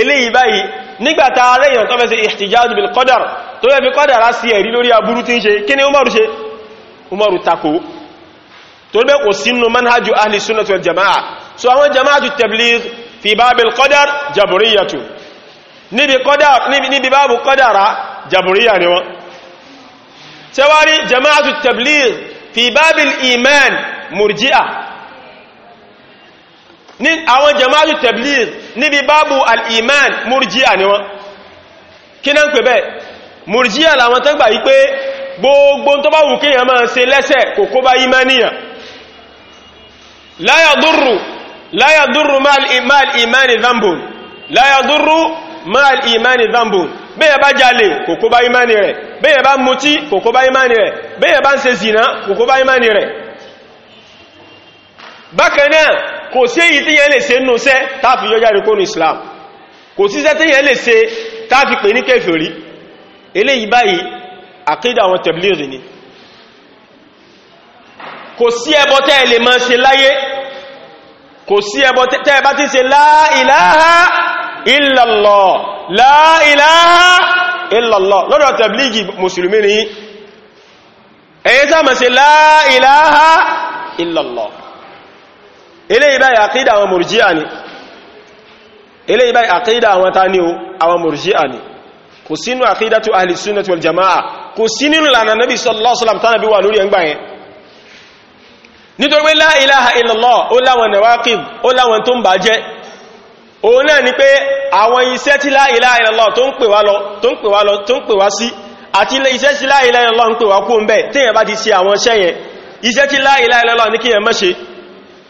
eléyìí báyìí nígbàtà aléyàn tó fẹ́ ṣe ihtijaj bil qadar tó fẹ́ fi kọ́dàrá sí ẹ̀rí lórí aburú tí ń ṣe kí ni umaru ṣe umaru tako tó bẹ́ kò sínú manhajú ahli sunnah wal jama'a so àwọn jama'atu tabligh fi babil qadar jaburiyatu níbi báàbù kọ́dàrá ní àwọn jama'atu tabligh níbi báàbù al'iman murjiya ni wọn kí náà ń pè bẹ́ẹ̀ murjiya làwọn tó gbà wípé gbogbo tó bá wù kí yàn máa ṣe lẹ́sẹ̀ kò kó bá imaniya la yadurru la yadurru ma'al imani dhanbun la yadurru ma'al imani dhanbun bẹ́yẹ̀ bá jalè kò kó imani rẹ̀ bẹ́yẹ̀ bá mutí kò imani rẹ̀ bẹ́yẹ̀ bá ń ṣe imani rẹ̀ bákan kò sí èyí tí yẹn lè ṣe nù sẹ́ táàfi yọ jáde kónú islam kò sí sẹ́ tí yẹn lè ṣe táàfi pè ní kèfèrí eléyìí báyìí àkídà àwọn tẹ̀blìrì ni kò sí ẹbọ tẹ́ ẹ lè máa ṣe láyé kò sí ẹbọ tẹ́ bá ti ṣe la ilaha eléyìí báyìí àkídà àwọn mùrùjíà ni eléyìí báyìí àkídà àwọn ta ní o àwọn mùrùjíà ni kò sínú àkídà tó ahli sunnati wal jama'a kò sí nínú lànà nabi sallallahu alaihi wasallam tánàbí wà lórí ẹgbà yẹn nítorí pé la ilaha illallah ó láwọn nawaqib ó láwọn tó ń bà jẹ́ òun náà ni pé àwọn iṣẹ́ tí la ilaha illallah tó ń pè wá lọ tó ń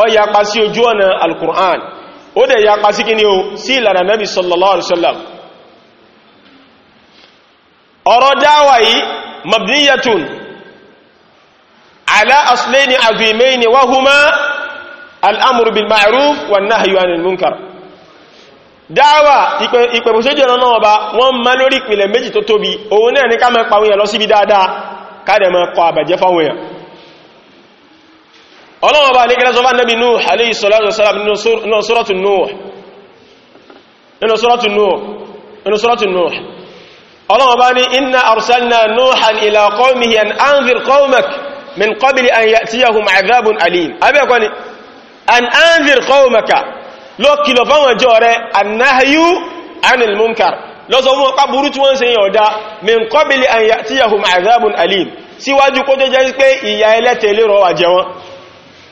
ó yapa sí ojú ọ̀nà al-Qur'an ó dẹ̀ yapa sí kí ni o sí ìlànà nabi sallallahu alaihi wasallam ọ̀rọ̀ dáwà yìí mabniyatun ala aslaini azimaini wa huma al'amuru bil ma'ruf wa nahyu anil munkar dáwà ìpẹ̀mùsójú ọ̀nà náà ba wọ́n ma lórí ìpìlẹ̀ méjì tó tóbi òun náà ní ká mẹ́ pàwọn èèyàn lọ síbi dáadáa ká dẹ̀ mẹ́ fáwọn èèyàn ọlọ́wọ́ bá lẹ́gẹ́lẹ́ sọ bá nẹ́bí Nuh alayhi salatu wasalam nínú suratu Nuh nínú suratu Nuh nínú suratu Nuh ọlọ́wọ́ bá ní inna arsalna Nuhan ila qawmihi an anzir qawmak min qabli an ya'tiyahum adhabun alim abẹ́kọ́ ni an anzir qawmaka lọ kìlọ̀ fáwọn jọ rẹ̀ annahyu anil munkar lọ sọ fún ọpá burú tí wọ́n ṣe yàn ọ̀dá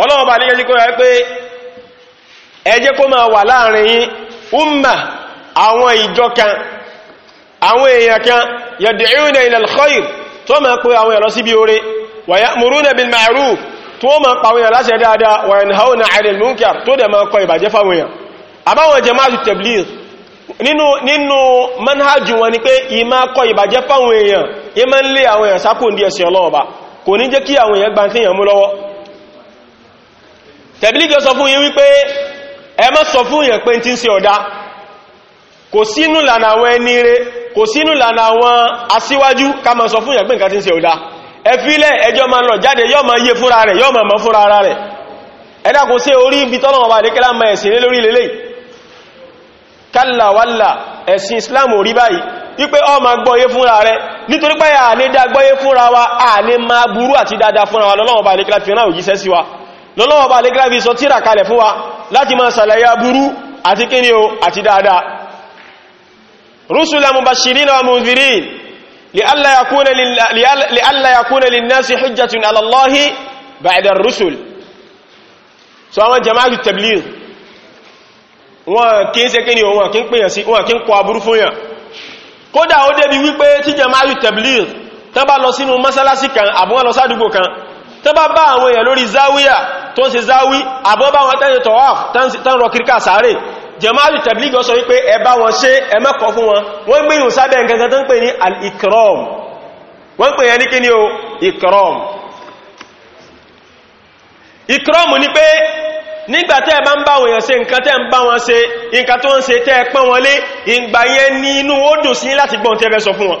ọlọ́wọ́ bá nígbẹ́ jíkọ́ rẹ̀ pé ẹjẹ́ kó máa wà láàrin yín umma àwọn ìjọ kan àwọn èèyàn kan yad'una ila al-khayr tó máa pè àwọn èèyàn lọ síbi oore wa ya'muruna bil ma'ruf tó máa pa àwọn èèyàn láṣẹ dáadáa wa yanhauna 'anil munkar tó dẹ̀ máa kọ ìbàjẹ́ fáwọn èèyàn àbáwọn jama'atu tabligh nínú nínú manhajù wọn ni pé ìmá kọ ìbàjẹ́ fáwọn èèyàn ìmá ń lé àwọn mú lọ́wọ́ tẹ̀bílígì sọ fún yín wípé ẹ má sọ fún yẹn pé tí ń ṣe ọ̀dá kò sínú lànà àwọn ẹni kò sínú lànà àwọn aṣíwájú ká má sọ fún yẹn pé nǹkan tí ń ṣe ọ̀dá ẹ fílẹ̀ ẹjọ́ ma lọ jáde yọ́ ma yé fúnra rẹ̀ ma ma wípé ọ ma fúnra nítorí dá fúnra wa ma àti dáadáa fúnra wa bá ní fi lọ́lọ́wọ́ bá lè gráfi sọ tíra kalẹ̀ fún wa láti máa sàlàyé aburú àti kíni o àti dáadáa rusula mubashirina wa munzirin li alla yakuna linnasi hujjatun ala Allahi ba'da rusul so àwọn jama'atu tabligh wọn kí ń ṣe kíni o wọn kí ń pèyàn sí wọn kí ń kọ aburú fún yàn kódà ó débi wípé tí jama'atu tabligh tán bá lọ sínú mọ́sálásí kan àbúwọ́n lọ sádùgbò kan tán bá àwọn èèyàn lórí záwíyà tó ń ṣe záwí àbọ́bá wọn tẹ́yìn tọ́wàf tán rọ kíríkà sáré jẹmáàlù tẹ̀blígì sọ wípé ẹbá wọn ṣe ẹmẹ́kọ̀ fún wọn wọ́n gbé yìí sábẹ̀ nǹkan tó ń pè ní al-ikram wọ́n pè yẹn ní kíní o ikram ikram ni pé nígbà tẹ́ bá ń bá wọn ṣe nǹkan tẹ́ ń bá wọn ṣe nǹkan tó ń ṣe tẹ́ pọ́n wọn lé ìgbà yẹn ní inú ó dùn sí láti gbọ́n tẹ́ fẹ́ sọ fún wọn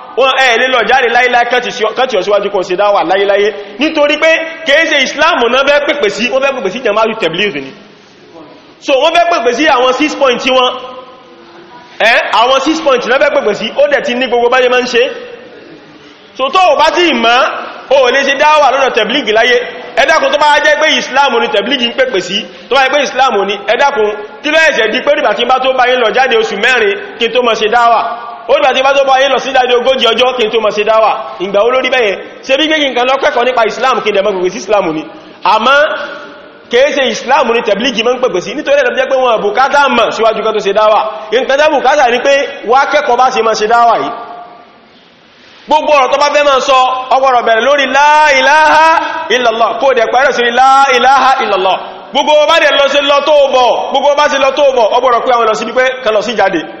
wọ́n ẹ̀ lè lọ jáde láíláí kẹ́tì ọ̀síwájú kan sí dáwà láíláí nítorí pé kèése islamu náà bẹ́ pèpè sí wọ́n bẹ́ pèpè sí jamaru tabligh ni so wọ́n bẹ́ pèpè sí àwọn 6 point wọn ẹ́ àwọn 6 point náà bẹ́ pèpè sí ó dẹ̀ ti ní gbogbo báyé máa ń ṣe so tó ò bá tí ì máa ó lè ṣe dáwà lọ́nà tabligh láyé ẹ dákun tó bá jẹ́ pé islamu ni tabligh ń pèpè sí tó bá jẹ́ pé islamu ni ẹ dákun kí ló ẹ̀ṣẹ̀ di pé nígbà tí bá tó báyé lọ jáde oṣù mẹ́rin kí tó mọ̀ ṣe dáwà ó dìbà tí bá tó bá yé lọ sí dáadé ogójì ọjọ́ kí n tó mọ̀ sí dáwà ìgbà olórí bẹ́yẹn ṣe bí gbégi nǹkan lọ́pẹ́kọ̀ọ́ nípa islam kí n dẹ̀mọ́ pẹ̀pẹ̀ sí islam ni àmọ́ kéèṣe islam ni tẹ̀blígì mọ́ ń pẹ̀pẹ̀ sí nítorí ẹ̀lọ́pẹ́ pé wọn bùkátà mọ̀ síwájú kan tó ṣe dáwà nǹkan tẹ́ bùkátà ni pé wá kẹ́kọ̀ọ́ bá ṣe mọ́ ṣe dáwà yìí gbogbo ọ̀rọ̀ tó ilaha illallah kó dẹ̀ pẹ̀rẹ̀ sí la ilaha illallah gbogbo bá dẹ̀ lọ sí lọ tó bọ̀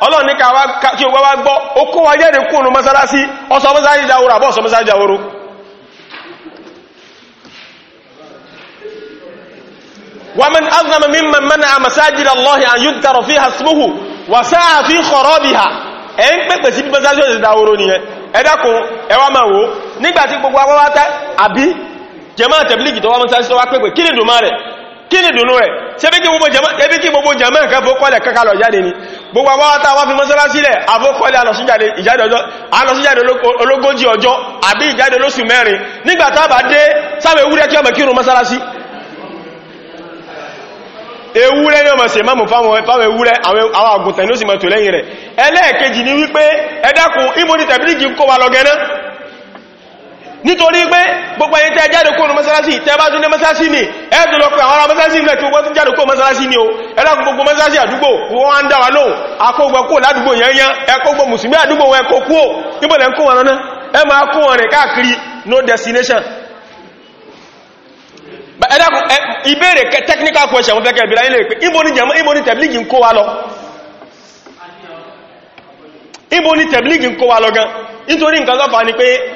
ọlọ́run ní kí o wá gbọ́ ó kó wa jáde kúrò mọ́sálásí ọsọ mọ́sálásí ìdáwòrò àbọ́ ọsọ mọ́sálásí ìdáwòrò ومن أظلم ممن منع مساجد الله أن يذكر فيها اسمه وسعى في خرابها ẹ̀ ń pẹ̀pẹ̀ sí mọ́sálásí ìdáwòrò nìyẹn ẹ dákun ẹ wá máa wò kí ni dùnú rẹ̀ ṣebí kí gbogbo jama nǹkan fókọ́lẹ̀ kankan lọ jáde ni gbogbo àwọ́ta wá fi mọ́sálásí rẹ̀ àfókọ́lẹ̀ alọ́síjáde ológójì ọjọ́ àbí ìjáde olóṣù mẹ́rin nígbàtá bá dé sáwẹ̀ ewúrẹ́ kí ọmọ kírun mọ́sálásí ewúrẹ́ ní ọmọ sí mọ́mù fáwọn ewúrẹ́ àwọn àgùntàn ní ó sì mọ̀ tó lẹ́yìn rẹ̀ ẹlẹ́ẹ̀kejì ni wípé ẹ̀dàkùn ibò ní tẹ̀bílì kí ń kó wa lọ gẹ́ná nítorí pé gbogbo ẹ̀yin tẹ́ jáde kó ní mọ́sálásí tẹ́ bá tún dé mọ́sálásí mi ẹ́dùn àwọn o ẹlọ́kùn gbogbo masarasi àdúgbò wọ́n wá ń wa akógbọ́ kó ládùgbò yẹnyẹn ẹ no destination ẹlọ́kùn ìbéèrè technical question wọ́n fẹ́ kẹ́ ìbìlá ilé ịbụ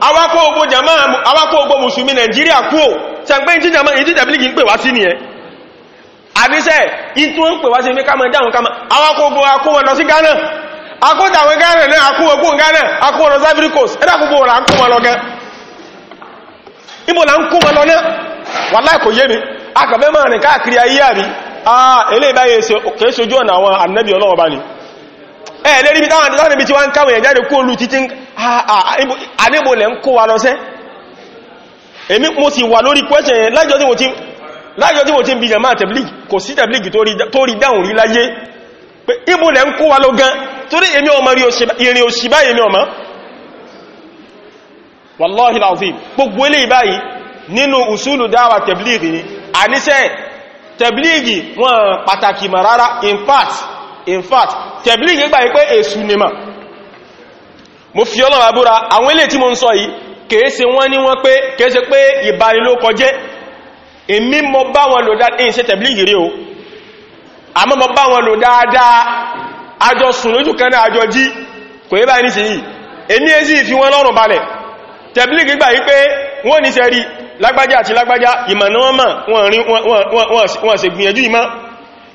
awakọ̀ ogbó jama awakọ̀ ogbó musulmi Nigeria kú o sẹ́gbẹ́ ìtí jama ìtí tẹ̀bílìgì ń pè wá sí ni ẹ àbíṣẹ́ ìtú ń pè wá sí ní ká mọ̀ dáhùn ká mọ̀ awakọ̀ ogbó akó wọn lọ sí Ghana akóta àwọn Ghana náà akó ogbó Ghana akó lọ sí Ivory Coast a wọn là ń kó ẹ̀ lérí bí táwọn àdìsáàdì bí tí wọ́n káwọn ẹ̀jáde kó lù títí ah, ah, ah, àníbòlẹ̀ ń kó wa lọ sẹ́ èmi mo sì wà lórí question yẹn lájọ́ tí mo ti ń bí jẹ̀má tẹ̀blík kò sí tẹ̀blík tó rí dáhùn rí láyé pé ìbòlẹ̀ ń kó wa lọ gan torí èmi ọmọ ìrìn òṣìbá èmi ọmọ wallahi láàfin gbogbo eléyìí báyìí nínú usulu dáwà tẹ̀blík ni àníṣẹ́ tẹ̀blík wọn pàtàkì mà rárá in fact in fact tẹ̀blígì gbà wípé èsù ni mà mo fi Ọlọ́run búra àwọn ilé tí mo ń sọ yìí kèése wọ́n ní wọ́n pé kèése pé ìbanilókọjẹ́ èmi mo bá wọn lò dáadáa èyí ṣe tẹ̀blígì rí o àmọ́ mo bá wọn lò dáadáa àjọ sùn lójú kan náà àjọ jí kò yí báyìí nísìnyí èmi èsì ìfi wọn lọ́rùn balẹ̀ tẹ̀blígì gbà wípé wọ́n ní sẹ́rí lágbájá àti lágbájá ìmọ̀ ni wọ́n mọ̀ wọ́n ṣe gbìyànjú ìmọ̀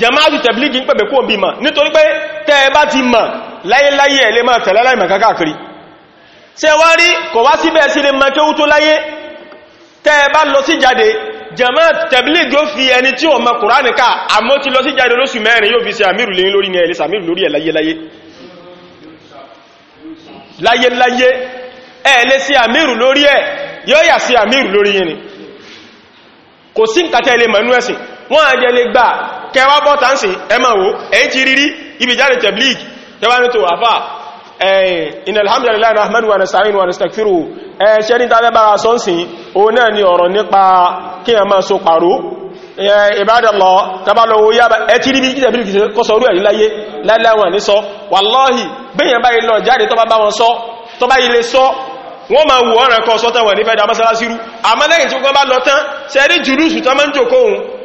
jamaatu tẹ̀blígì ń pẹ̀bẹ̀ kó bí ma nítorí pé tẹ́ bá ti ma láyéláyé ẹ̀lẹ́ máa tẹ̀lá láìmà kákàkiri tẹ́ wá rí kò wá síbẹ̀ sí lè ma kéwú tó láyé tẹ́ bá lọ sí jáde jamaatu tẹ̀blígì ó fi ẹni tí ma kùránì ká àmọ́ ti lọ sí jáde lóṣù mẹ́rin yóò fi ṣe àmìrù lé lórí ní ẹ̀lẹ́ sàmìrù lórí ẹ̀ láyéláyé láyéláyé ẹ̀lẹ́ sí àmìrù lórí ẹ̀ yóò yà sí kò sí nǹkan tẹ́ ilé mọ̀ nú ẹ̀sìn wọ́n àjẹ́ lè gbà kẹwàá bọ́ta ń sìn ẹmà wo èyí ti rírí ibi jáde tẹ̀blík tẹwàá ní tó wà fà ẹ̀yìn innal hamdalillah ni ọ̀rọ̀ nípa kí ẹ máa so pàró ìbádàlọ́ tàbálọ́wọ́ yába ẹ ti rí bí tẹ̀blík kọ́ sọ orú ẹ̀ láyé láìláwọn ní sọ wàláhì gbẹ̀yàn báyìí lọ jáde tọ́bá bá wọn sọ tọ́bá ilé sọ wọ́n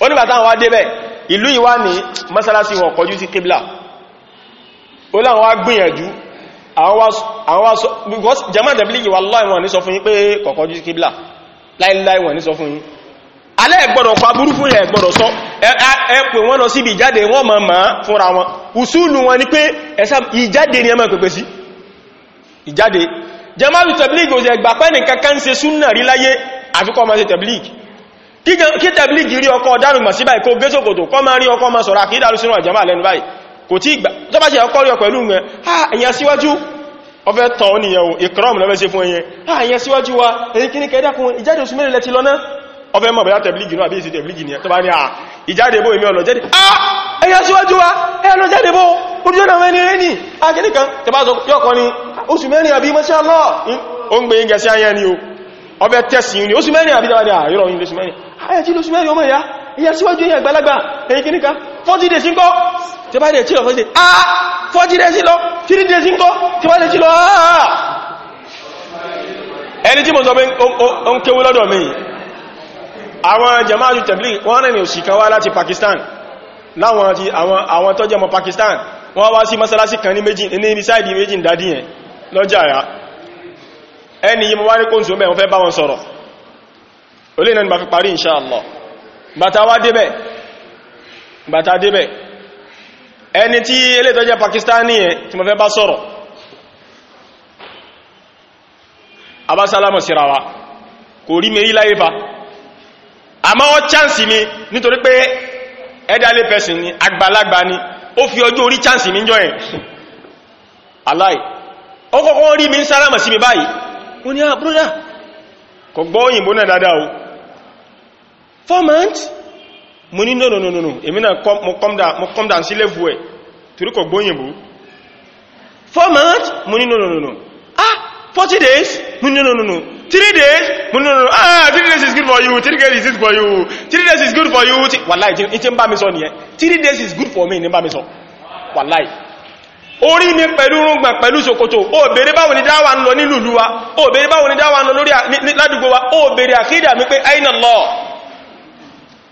ó nígbà táwọn wá débẹ̀ ìlú ìwá ní mọ́sálásí wọn kọjú sí kíblà ó láwọn wá gbìyànjú àwọn wá sọ because jama dabiligi wallahi wọ́n ní sọ fún yín pé kò kọjú sí kíblà láìláì wọ́n ní sọ fún yín alẹ́ ẹ̀gbọ́dọ̀ pa burúkú yẹn ẹ̀gbọ́dọ̀ sọ ẹ̀pẹ̀ wọ́n lọ síbi ìjáde wọ́n mọ̀ mọ̀ fúnra wọn ùsùlù wọn ni pé ẹ̀sà ìjáde ni ẹmọ̀ pẹ̀pẹ̀ sí ìjáde kí tẹ̀bílì gírí ọkọ̀ ọ̀dánù mọ̀ sí báyìí kó gé sókòtò kọ́ máa rí ọkọ̀ ma sọ̀rọ̀ àkídàrú sínú àjàmà lẹ́nu báyìí kò tí ìgbà tó bá ṣe ọkọ̀ rí ọkọ̀ ìlú rẹ̀ àyàn síwájú ọfẹ́ tàn ó nìyẹn ìkọ́rọ̀mù lọ́fẹ́ ṣe fún ẹyẹn àyàn síwájú wa èyí kí ní kẹ́dàkùn ìjáde oṣù mẹ́rin lẹ́ti lọ́nà ọfẹ́ mọ̀ bẹ̀yà tẹ̀bílì gínú àbí èsì tẹ̀bílì gínú tó bá ní à ìjáde bó èmi ọ̀nà jáde ẹ̀yà síwájú wa ẹ̀nà jáde bó ojú ọ̀nà mẹ́rin rẹ̀ ní akẹ́lẹ́ kan tẹ̀bá sọ yọ́kọ́ ni oṣù mẹ́rin àbí mọ́ṣẹ́ lọ́ọ̀ ó ń gbé ń gẹ̀ sí ayẹ́ ni o ọfẹ́ tẹ̀sí ni oṣù mẹ́rin àbí dáadáa yọ́rọ̀ yìí lóṣù mẹ́rin ayẹ tí ló ṣe mẹ́rin ọmọ ìyá ìyá síwájú èyàn àgbàlagbà èyí kí níka 40 days ńkọ́ tí bá dẹ̀ tí lọ 40 days ah 40 days lọ 3 days ńkọ́ tí bá dẹ̀ tí lọ ah ẹni tí mo sọ pé o ń kéwú lọ́dọ̀ mi àwọn jama'atu tabligh wọ́n rẹ̀ ní òṣìkan Pakistan láwọn ti àwọn tó jẹmọ Pakistan wọ́n wá sí masalasi kan ní méjì ní ibi sáìdì méjì ẹni yí mo wá ní kóǹsù mẹ́ wọ́n fẹ́ bá wọn sọ̀rọ̀ olè náà ni ma fi parí inṣáàlá bàtà wá débẹ̀ bàtà débẹ̀ ẹni tí elétọ́jẹ́ pakistani ẹ tí mo fẹ́ bá sọ̀rọ̀ abásálámọ̀ síra wa kò rí mérí láyé fa àmọ́ ọ chánsì mi nítorí pé elderly person ni àgbàlagbà ni ó fi ọjọ́ orí chánsì mi jọ ẹ̀ aláì ó kọ́kọ́ rí mi ń sálámọ̀ sí mi báyìí ó ah, kò gbọ́ òyìnbó náà dáadáa o four months mo ní no no no no èmi náà mo come down sí level ẹ̀ torí kò gbóyìnbó four months mo ní no no no no ah forty days mo ní no no no three days mo ní no no ah three days is good for you three days is good for you three days is good for you wàláì tí ń bá mi sọ nìyẹn three days is good for me ní bá mi sọ wàláì orí mi pẹ̀lú rúngbà pẹ̀lú sokoto. ó bèèrè báwo ni dáwà ń lọ nílùú wa ó bèèrè báwo ni dáwà ń lọ lórí ládùgbò wa ó bèèrè àkídà mi pé aina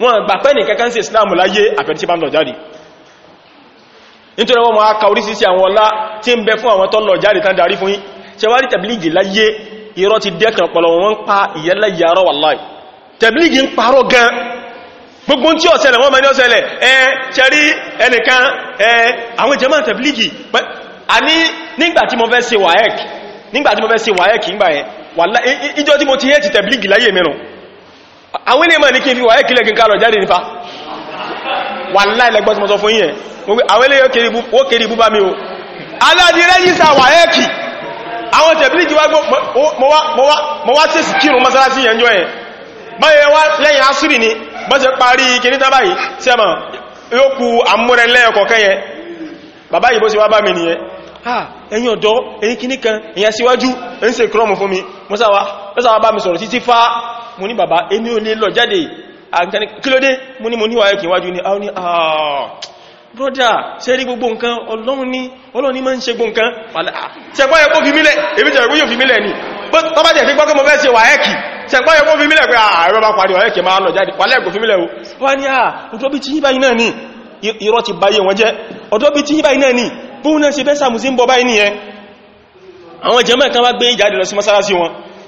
wọn gbà pé ní kankan sí islam láyé àfẹ́rí tí bá ń lọ jáde nítorí wọ́n máa ka orísìsí àwọn ọlá tí ń bẹ fún àwọn tó lọ jáde tán darí fún yí ṣe wá rí tẹ̀blígì láyé irọ́ ti dẹ́kàn pọ̀lọ̀ wọn ń pa ìyẹ́lẹ́yàrọ́ wàláì tẹ̀blígì ń parọ́ gan gbogbo tí ó ṣẹlẹ̀ wọ́n mẹ́ni ó ṣẹlẹ̀ ẹ ṣẹrí ìjọ tí mo ti hẹ́ ti tẹ̀blígì láyé mẹ́rùn àwọn ilé mọ̀ ní kí n fi wà ẹ́kìlẹ̀ kí n kálọ̀ jáde nípa wà láìlẹ́gbọ́sọmọsọ fún yín àwọn ilé ó kèrè búbá mi o aláàdì rẹ́jísà wà ẹ́kì àwọn tẹ̀bílìkì wá gbọ́ mọ́ wá sí kírùn mọ́sálásí yẹnjọ́ ẹ̀ báyẹ̀ wá lẹ́yìn asúrì ni bọ́ ṣe parí kìníta báyìí tí ọ̀dọ́ ẹ̀yin kìníkan ẹ̀yin síwájú ẹ̀yin ṣe kírọ́mù fún mi mọ́sáwá bá mi sọ̀rọ̀ títí fá mo ní bàbá èmi ò lè lọ jáde kílódé mo ní mo níwà ẹkì wájú ní àwọn ní àà brọ́dá ṣe rí gbogbo nǹkan ọlọ́run ní ọlọ́run ní máa ń ṣe gbogbo nǹkan ah, ni tó bá jẹ́ fi gbọ́gbọ́ bẹ́ẹ̀ ṣe wà ẹ́kì ṣẹgbọ́ ẹ̀kọ́ fi mílẹ̀ pé ààrẹ ah, bá parí ọ̀ẹ́kì máa lọ jáde wà lẹ́ẹ̀kọ́ fi mílẹ̀ o wá ní àà ah, ọjọ́ bí ti yí báyìí náà ni irọ́ ti báyé wọn jẹ́ ọjọ́ bí ti àwọn jẹ́mọ̀ kan wá gbé ìjáde lọ sí mọ́sálásí wọn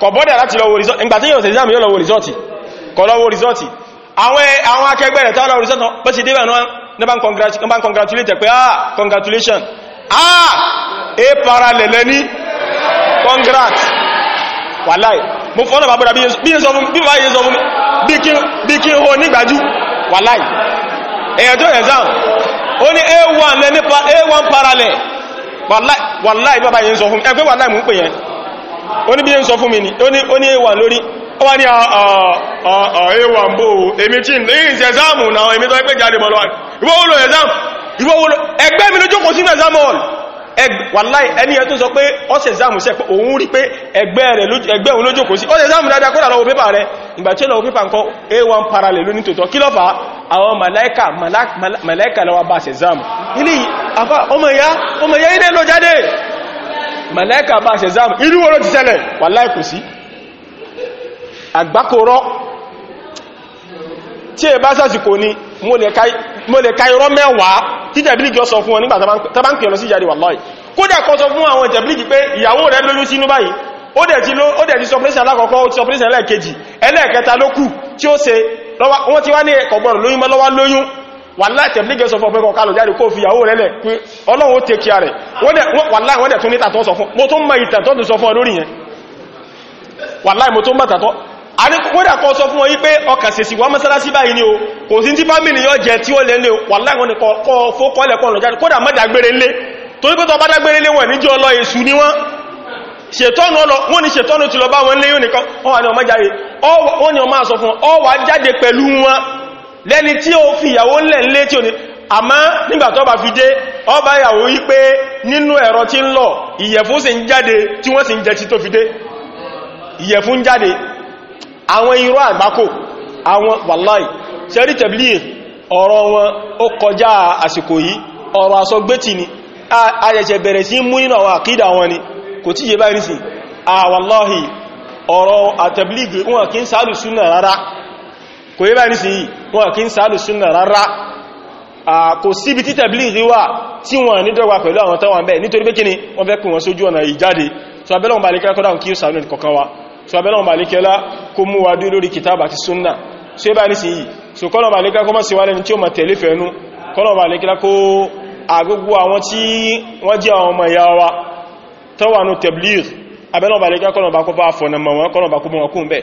kò bọ́dẹ̀ láti lọ wo result ìgbà tí yóò ṣe exam yóò lọ wo result kò lọ wo result àwọn àwọn akẹgbẹ́ rẹ̀ tán lọ result bó ṣe débẹ̀ náà bá congratulate pé ah congratulation ah a parallel ní congrats wàláì mo fọ́nà bàbúrà bí yẹn sọ fún bí bá yẹn sọ fún bí kí a1 lẹ a1 parallel wàláì bàbá yẹn sọ fún ẹgbẹ́ wàláì mú pè oníbí ń sọ fún mi ní ó ní èwà lórí ó wá ní àwọ̀ ah, mbó ah, ah, èmi tí ní ìsẹ̀zámù náà èmi tó ẹgbẹ́ jáde bọ́lọ́wà ìwọ́ wúlò ẹ̀zámù ìwọ́ wúlò ẹgbẹ́ mi ló jókòó sínú ẹ̀zámù ọ̀l wàláì ẹni ẹ tó sọ pé ọ́sẹ̀ záàmù sẹ́pọ̀ òun rí pé ẹgbẹ́ rẹ̀ ẹgbẹ́ òun ló jókòó sí ọ́sẹ̀ záàmù dáadáa kó a1 parallel ló ní tòótọ́ kí lọ́fà àwọn màláìkà lọ́wọ́ bá ṣẹ̀ záàmù ilé ọmọ ìyá ilé lọ jáde màláíkà bá ṣe záàmù irú oró ti ṣẹlẹ̀ wà láìkù sí àgbákòrọ́ tí è bá sàsìkò ní mo lè ka irọ́ mẹ́wàá tí jẹ̀bílìkì sọ fún wọn nígbà tàbá ń pè lọ sí ìjáde wà lọ́ì kódà kọ́ sọ fún àwọn jẹ̀bílìkì pé ìyàwó rẹ̀ lóyún sínú báyìí ó dẹ̀ ti sọpírẹ́sì alákọ̀ọ́kọ́ ó ti sọpírẹ́sì ẹlẹ́ẹ̀kejì ẹlẹ́ẹ̀kẹta ló kù tí wàláì tẹ̀blígẹ̀ sọ fún ọpẹ́kọ̀ kálọ̀ jáde kó fi ìyàwó rẹ̀lẹ̀ pé ọlọ́run ó tèkì rẹ̀ wàláì wọ́n dẹ̀ tún ní tàtọ́ sọ fún mo tún mọ ìtàtọ́ tún sọ fún ọ lórí yẹn wàláì mo tún mọ tàtọ́ àríkúwọ́dà kan sọ fún ọ yí pé ọkà sèsì wà mọ́sálásí báyìí ni o kò sí tí fámìlì yọ jẹ tí ó lẹ́ ní o wàláì wọn ni kọ́ fókọ́lẹ̀ kan lọ jáde kódà má dágbére lé torí pé tó bá dágbére lé wọn níjọ́ lọ èṣù ni wọ́n ṣètọ́nù ọlọ wọ́n ni ṣètọ́nù ti lọ bá wọn lé yóò nìkan wọ́n ni ọmọ jáde wọ́n ni ọmọ sọ fún ọ wà jáde pẹ̀lú wọn lẹ́ni tí ó fi ìyàwó lẹ̀ tí ó ní àmá nígbàtọ́ bá fi dé ọba ìyàwó yí pé nínú ẹ̀rọ tí ń lọ ìyẹ̀fun sì ń jáde tí wọ́n sì ń jẹ tí tó fi dé ń jáde àwọn irọ́ àgbákò àwọn wàláì sẹ́rí tẹ̀blì ọ̀rọ̀ wọn ó kọjá kò yẹ báyìí nísìnyí wọn kí ń sáàlù súnà rárá kò síbi tí tàbílìgì wà tí wọn ní dọ́gba pẹ̀lú àwọn táwọn bẹ́ẹ̀ nítorí pé kíni wọ́n fẹ́ kún wọn sójú ọ̀nà ìjáde so abẹ́lọ́wọ̀n bá wa so abẹ́lọ́wọ̀n bá lékẹ́lá kó mú wa dúró lórí kìtàbà àti súnà so yẹ báyìí nísìnyí so kọ́lọ̀ bá lékẹ́lá kó mọ́ sí wá lẹ́ni tí ó mọ̀ tẹ̀lé fẹ́nu kọ́lọ̀ bá lékẹ́lá kó agogo àwọn tí wọ́n jẹ́ àwọn ọmọ ìyá wa tọ́wà nù tẹ̀blìgì abẹ́lọ́wọ̀n bá lékẹ́lá fọ̀nà mọ̀ wọn bá kó mọ̀ bẹ́ẹ̀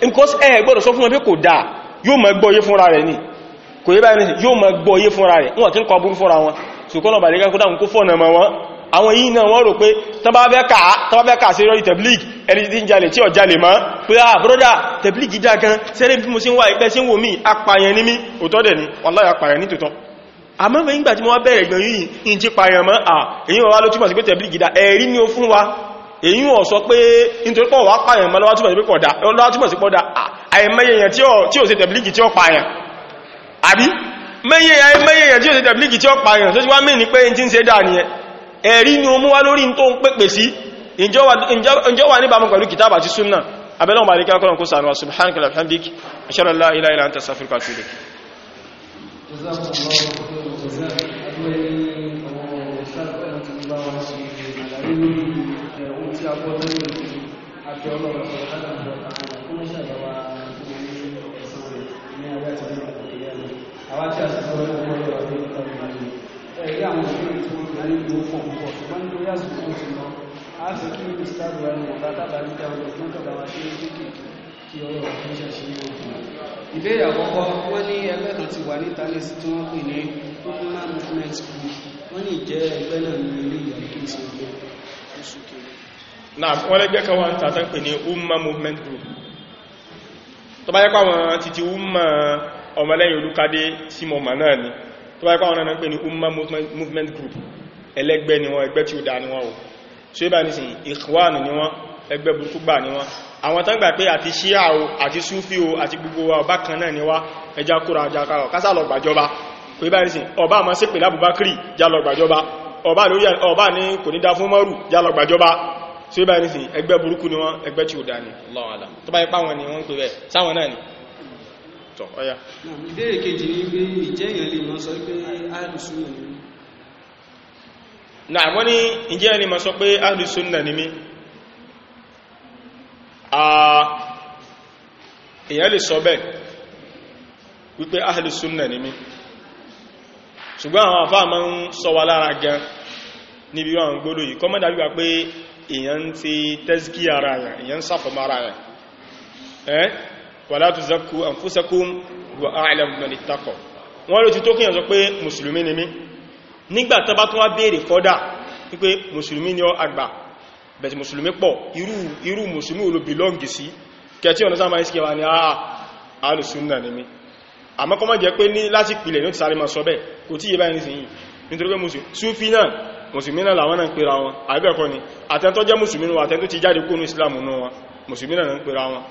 nǹkan ẹ eh, gbọ́dọ̀ sọ fún wọn pé kò dáa yóò mọ̀ gbọ́yé fúnra rẹ̀ ni kò yé báyìí yóò mọ̀ gbọ́yé fúnra rẹ̀ wọ́n kí ń kọ burú fúnra wọn ṣùkọ́ náà bàdé kó dáhùn kó fọ́nà mọ̀ wọn àwọn yìí náà wọ́n rò pé tọ́bàbẹ́ kà sí lórí tẹ̀blík ẹni tí ń jalè tí ò jalè mọ́ pé à bọ́dá sí ń ni wàláhì apàyàn ní tòótọ́ àmọ́ ìgbà tí mo wá bẹ̀rẹ̀ gbẹ̀rẹ̀ yìí ń ti pàyàn mọ́ à èyí wọ́n wá ló túnmọ̀ èyí ọsọ sọ pé nítorí pọ̀ wá pààyàn mọ́ lọ́wọ́túnmọ̀ sí pọ́dá àìmẹ́yẹyàn tí ó ṣe tẹ̀blígì tí ó pààyàn àbí mẹ́yẹyàn tí ó ṣe tẹ̀blígì tí ó pààyàn tó ti wá mẹ́ni pé tí ń ṣe dáa ẹ̀rí ni ó mú wá lórí tó ń pèpè sí ìjọwà níbàmú pẹ̀lú kìtàbà àti ọlọ́run tó lára àwọn ọ̀tá àwọn tó ń ṣàyẹ̀wà ẹ̀sìn rẹ̀ ní ayé àti ní ìpínlẹ̀ rẹ̀ àwa tí a sì sọ ọlọ́run ọlọ́run ọdún ìtọ́ ìgbàlè ẹ̀rí àwọn ìṣòro tí wọ́n gbà nínú owó fún ọ̀pọ̀ ṣùgbọ́n nítorí àsìkò ó ti lọ a sì kí ní ìsìláàbù wa ní ọ̀bá tábà ìbéèrè àkọ́kọ́ wọ́n ní ẹgbẹ́ kan ti wà ní sí tí wọ́n pè ní human movement group wọ́n ní ìjẹ́ ẹgbẹ́ náà ní ilé ìyàwó ìṣègbè oṣù náà wọ́n lẹ́gbẹ́ kan wọ́n pè ní umma movement group tó bá yẹ́pá wọn títí umma ọmọlẹ́yìn olúkadé sí mọ̀mà náà ni tó bá yẹ́pá wọn náà pè ní umma movement group ẹlẹ́gbẹ́ ni wọ́n ẹgbẹ́ tí ó dá ni wọ́n o so ibà ní sin ikhwan ni wọ́n ẹgbẹ́ burúkú gbà ni wọ́n àwọn tán wa ọba kan náà ni wá ẹja kóra ajá kárọ̀ kásà lọ gbàjọba kò ibà ní sin ọba àmọ́ sípè lábùbákírì já lọ gbàjọba ọba ní kò tí ó bá ní sí ẹgbẹ́ burúkú ni wọ́n ẹgbẹ́ tí ó dá ní lọ́wọ́lá tó bá ipá wọn ni wọ́n ń pè sáwọn ọya ni pé ìjẹ́ èèyàn sọ pé ni ní sọ mí èèyàn lè sọ bẹ́ẹ̀ wípé alùsùnà ni mí ṣùgbọ́n àwọn àfáà ń sọ wa lára gan níbi wọn gbọ́dọ̀ yìí kọ́mọ́dà èyàn ti tẹ́síkí ara rẹ̀ èyàn sàfọmọ́ ara rẹ̀ ẹ́ wala tuzakku anfusakum wa a'lamu man ittaqa wọ́n ló ti tó kíyàn sọ pé mùsùlùmí ni mí nígbà tó bá tún wá béèrè fọ́dà wípé mùsùlùmí ni ọ àgbà bẹ̀tì mùsùlùmí pọ̀ irú irú mùsùlùmí ò ló bìlọ́ǹgì sí kẹtí ọ̀nà sáà máa ìsìnkẹ wa ni àà alùsùnà ni mí àmọ́kọ́ jẹ́ pé ní láti pìlẹ̀ ní ó ti sáré máa sọ bẹ́ẹ̀ kò tí yẹ báyìí nísìnyí nítorí pé mùsùlùmí súfì náà mùsùlùmí la làwọn náà ń pera wọn àbẹ́ẹ̀kọ́ ni àtẹ́ntọ́ jẹ́ mùsùlùmí wọn àtẹ́ntọ́ ti jáde kúrò ìsìlámù náà wọn mùsùlùmí náà ń pera wọn